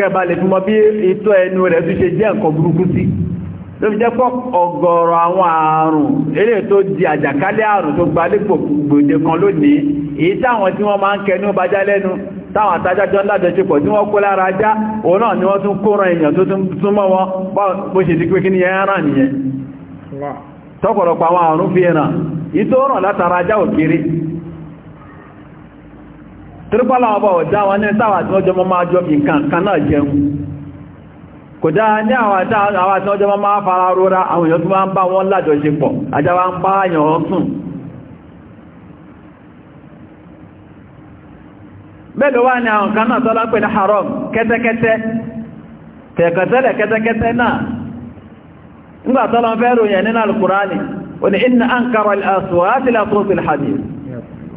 kẹba lè fi mọ bí ìtọ́ ẹnu rẹ̀ tó ṣe jẹ́ nǹkan burúkú sí ló fi jẹ́ pọ́ ọ̀gọ̀rọ̀ àwọn àrùn eré tó di àjàkálẹ̀ àrùn tó gba lépò kan lónìí èyí táwọn tí wọ́n máa ń kẹnu bájá lẹ́nu táwọn àtajájọ́ lájọṣepọ̀ tí wọ́n kó lára òun ni tírípàlà ọba ọ̀dá wọn ní sáwà tí wọ́n jọmọ máa jọ nǹkan kan jẹun kò dáa ní àwọn àti ọjọ́ máa fara rora àwọn èèyàn tó máa ń bá wọn lájọṣepọ̀ àjáwà ń bá àyàn ọ̀sùn bẹ́ẹ̀lú wá ní àwọn kan náà tọ́lá haram kẹ́tẹ́kẹ́tẹ́ kẹ́tẹ́kẹ́tẹ́ náà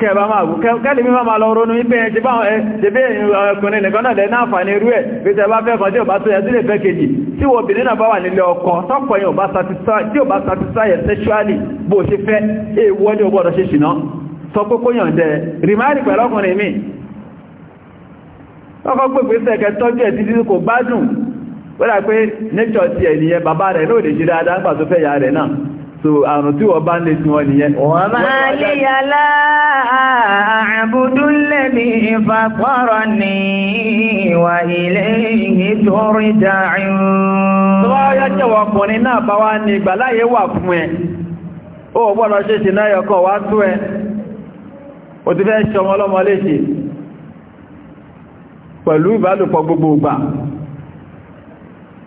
kẹba máa gùn kẹ́lì mímọ̀ máa lọ ronú wípé ẹjẹ́ bá ẹ̀ẹ́dẹ̀bẹ̀ ọkùnrin nìkan náà lẹ́nà àǹfààní irú ẹ̀ bí tẹ bá fẹ́ kan tí ò bá tó yẹ sílẹ̀ fẹ́ kejì tí wọ́n obìnrin náà bá wà nílé ọkọ tọ́pọ̀ ò bá satisfy sexually bó ṣe fẹ́ èèwọ̀ ní ọgbọ́dọ̀ ṣe ṣìná sọ pé kó yànjẹ́ rìmáàrì pẹ̀lú ọkùnrin mi ọkọ̀ gbogbo ìsẹ̀kẹ́ tọ́jú ẹ̀ títí kò gbádùn wọ́n rà pé nature ti ẹ̀ nìyẹn bàbá rẹ̀ lóòdè so àrùn tí wọ́n bá ń lè tí wọ́n nìyẹn wọ́n máa lè yàlá àbúdú lẹ́bí ìfàkọ́rọ̀ ní ìwà ilé ìtorí dáhùn tọ́wọ́ yọ́ jẹ́wọ́ ọkùnrin náà bá wá ní ìgbàláyé ti gbogbo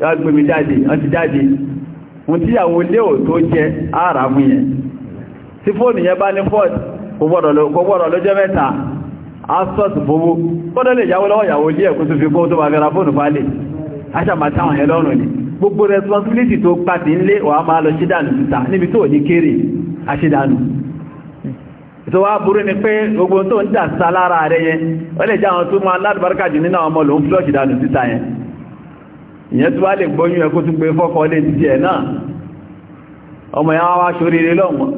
wọ́n gbé mi jáde wọ́n ti jáde mo tí àwọn ilé ò tó jẹ ara mú yẹn tí fóònù yẹn bá ní ford kò gbọ́dọ̀ lọ́jọ́ mẹ́ta asọ́sì fowó gbọ́dọ̀ lè yàwó lọ́wọ́ yàwó ilé ẹ̀kú tó responsibility tó pàtí nlé wà máa lọ wá burú ni pé gbogbo tó ń dà sálára rẹ̀ yẹn ó lè jẹ́ àwọn tó máa ládùbárkà jù nínú àwọn ọmọ lòún flọ́ọ̀ṣì dànù síta yẹn ìyẹn tó bá lè gbóyún ẹkú tún gbé fọ́kọ́ lè jíjẹ náà ọmọ yẹn wá ṣoríire lọ́wọ́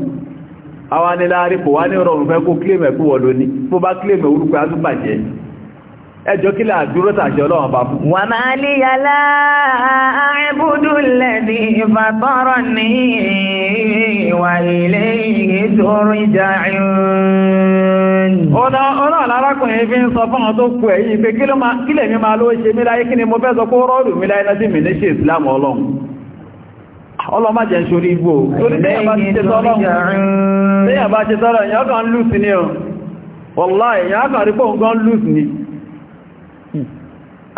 àwọn anilárí kò wá ní rọrùn fẹ́ kó kílèmẹ̀kú wọ̀ lóní bó bá kílèmẹ̀ orúkọ ẹjọ́ kí láà dúró tàṣẹ ọlọ́run bá fún. wà máa lè yàlá àìbúdú lẹ́dí ìfàtọ́rọ̀ ní ìwà ilé ìtorí jàun. ọ̀nà ọ̀nà alárakùnrin fi ń sọ fún àwọn tó kú ẹ̀yí pé kí lèmi máa ló ṣe mí láyé kí ni mo fẹ́ sọ kó rọ́ọ̀lù mi láyé mi ní ṣe ìsìlámù ọlọ́run jẹ́ ṣorí igbó lùs ni rí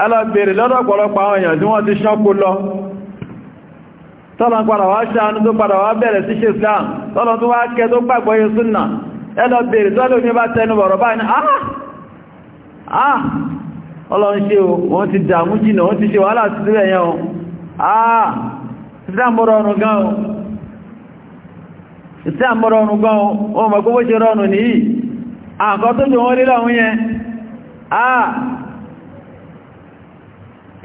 ẹlọ́bèèrè lọ́dọ̀ ọ̀pọ̀lọpọ̀ àwọn èèyàn tí wọ́n ti ṣọ́kú lọ tọ́lọ padà wá ṣàánú tó padà wá bẹ̀rẹ̀ sí ṣe Islam tọ́lọ tó wá kẹ tó gbàgbọ́ yé súnnà ẹlọ́bèèrè tọ́lọ ní bá tẹnu bọ̀rọ̀ báyìí ah! Ah! ọlọ́run ṣe wọ́n o àà ah! Islam bọ́rọ̀ ọ̀run gan o Islam bọ́rọ̀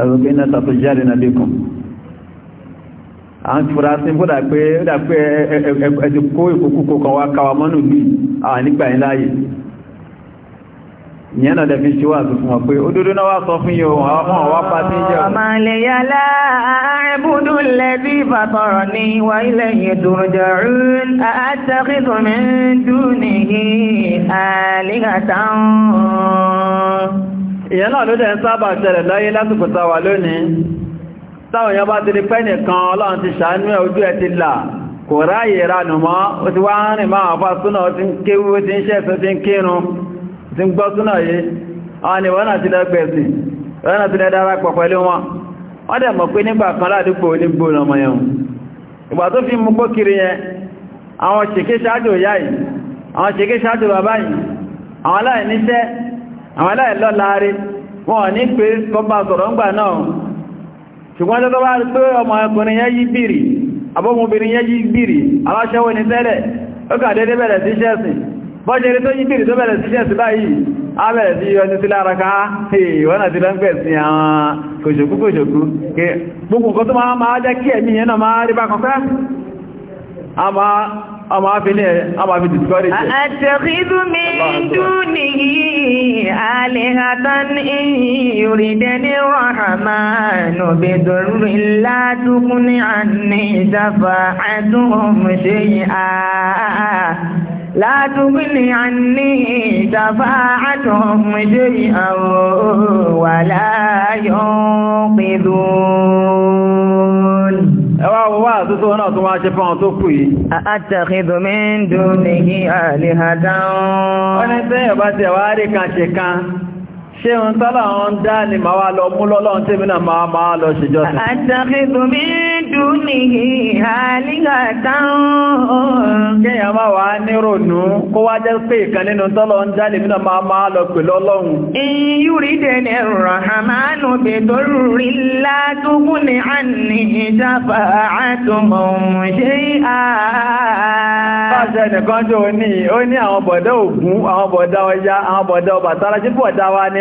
ẹgbẹ̀gbẹ̀ iná tàbí jáde nà lékùn a ń fura sí fúdà pé ẹ̀dì kó ìkókúkó kan wá káwà mọ́nù bí a nígbà yín ìyẹn náà dẹ̀fi ṣíwà sí fún wọn pé òdodo náà wá sọ fún yóò àwọn wá pàtí jẹ́ ọmọ ìyẹn náà ló dẹ̀ ń sábà ṣẹlẹ̀ láyé lásìkò táwà lónìí táwọn èèyàn bá ti rí pẹ́ nìkan ọlọ́run ti ṣàánú ẹ̀ ojú ẹ̀ ti là kò ráyè ránù mọ́ ó ti wá ń rìn máa fà súnà ó ti ń kéwú ó ti ń ṣẹ̀sùn ti ń kírun ti ń gbọ́ súnà yìí àwọn ti lẹ́gbẹ̀ẹ́sì ìwọ́n ti lẹ́ àwọn aláìlọ́ láàrí wọn ní pé kọba sọ̀rọ̀ ń gbà náà ṣùgbọ́n tó tọ́bá pé ọmọ ọkùnrin yẹ́ yí bìrì abọ́mọbìnrin yẹ́ yí bìrì aláṣẹ́wọ́ ní tẹ́lẹ̀ ó kà dédé bẹ̀rẹ̀ sí ṣẹ́sìn bọ́jẹ́rí tó yí bìrì tó bẹ̀rẹ̀ sí ṣẹ́sìn a máa fi ní a máa fi discourage ẹ̀. àtẹ̀kìdú mi dùn nìyí àlèhàtàn ìrìdẹ́ni rahmanu bí dòrí látúkún ní àní ìdáfà àdúhùn ṣe àà ní àní ìdáfà àdúhùn ṣe àwọ̀ wà láyọ̀ pẹ̀lú ẹwà wọ́wà àtútù náà tó wá ṣe fáwọn tó kù yìí. àtàkìdò mi ń dùn ní àlè ó ní sẹ́yìn bá ti ẹ̀wà rí kan ṣe kan ṣé wọn sábà wọn dá ní máa wá lọ mú lọ́lọ́run tí mìíràn máa máa lọ ṣèjọ́ sí. àtàkìtò mi dùn ní àlíkà táwọn. kéèyàn máa wà nírònú kó wá jẹ́ pé nìkan jẹ́ ó ní àwọn bọ̀dá Ògún àwọn bọ̀dá Ọya àwọn bọ̀dá Ọbàtálá jí bọ̀dá wa ni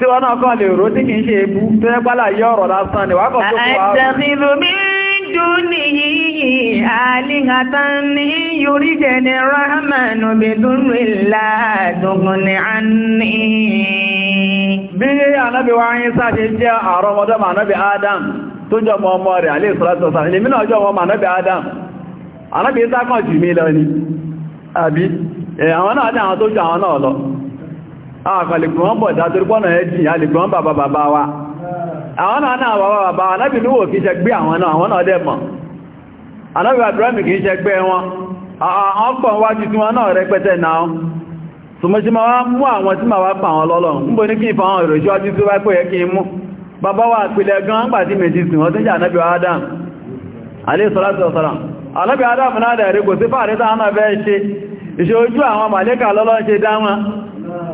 tí wọ́n náà kọ́ lè rò tí kìí ṣe ebú tó yẹ pálá yọ ọ̀rọ̀ lásán ni wákọ̀ tó kọ́ dunihi alihatan yuridani rahmanu bidunilla dugni anni bí anábi wa ń sá ṣe jẹ́ àrọ ọmọdé ma anábi adam tó jọ ni àbí àwọn ní àwọn àkàlẹ̀gbọ́n ah, bọ̀ dátorípọ̀nà ẹ̀dì àlẹ̀gbọ́n bàbá bàbá wa àwọn náà náà bàbá bàbá anábìnúwò kìí ṣe gbé àwọn náà àwọn náà mọ̀ kìí ṣe gbé àwọn pọ̀ náà wá àwọn tí n fa àwọn ìròjú ọdún tó bá pẹ́ wa náà dẹ̀ rí náà ìṣe ojú àwọn màlẹ́kà lọ́lọ́ ṣe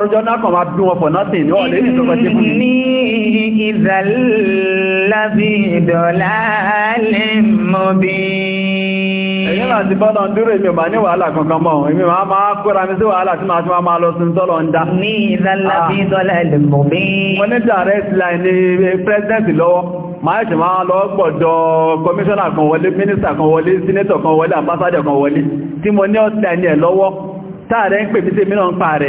rọjọ́ náà kàn máa bí wọn nothing ní ọ̀lẹ́ ìjọba tí fún ní ìzàlábí ìdọ̀lá lè mọ̀ bí. èyí náà ti bọ́dọ̀ dúró èmi ọ̀bá ní wàhálà kankan mọ́ èmi máa máa kóra mi sí wàhálà tí máa ti máa lọ sí tọ́lọ ń dá. Ah. ní ìzàlábí ìdọ̀lá lè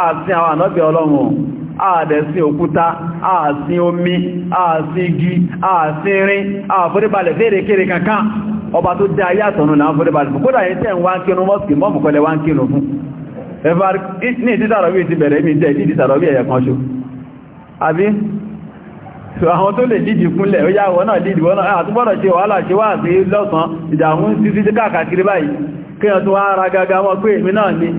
ààsìn àwọn ànábì ọlọ́run ààdẹ̀sìn òkúta ààsìn omi ààsìn igi ààsìn rin ààforíbalẹ̀ fẹ́rẹ̀ kéré kankan ọba tó dá ayé àtọ̀nù náà foríbalẹ̀ fún kódà yìí tẹ́ ń wá ń mọ́sùkì mọ́mù kọlẹ̀ wá ń fún àwọn tó lè dìdì fúnlẹ̀ ó yá wọ́n náà dìdì wọ́n náà àtúgbọ́nà ṣe wà sí lọ́sàn ìdàmú káàkiri báyìí tó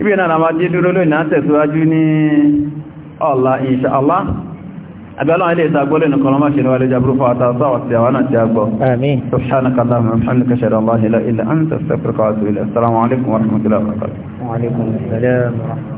ibi náà àwọn adé dúró lónìí náà tẹ̀síwájú ní ọ̀la insha Allah abẹ́lọ́wọ́n ilé ìtàgbọ́lẹ̀ nìkan lọ́mọ́ ṣe níwájú jábúrú fún àtàwọn àti àwọn àti àgbọ̀ subhanaka allahumma wa bihamdika ashhadu an la ilaha illa anta astaghfiruka wa atubu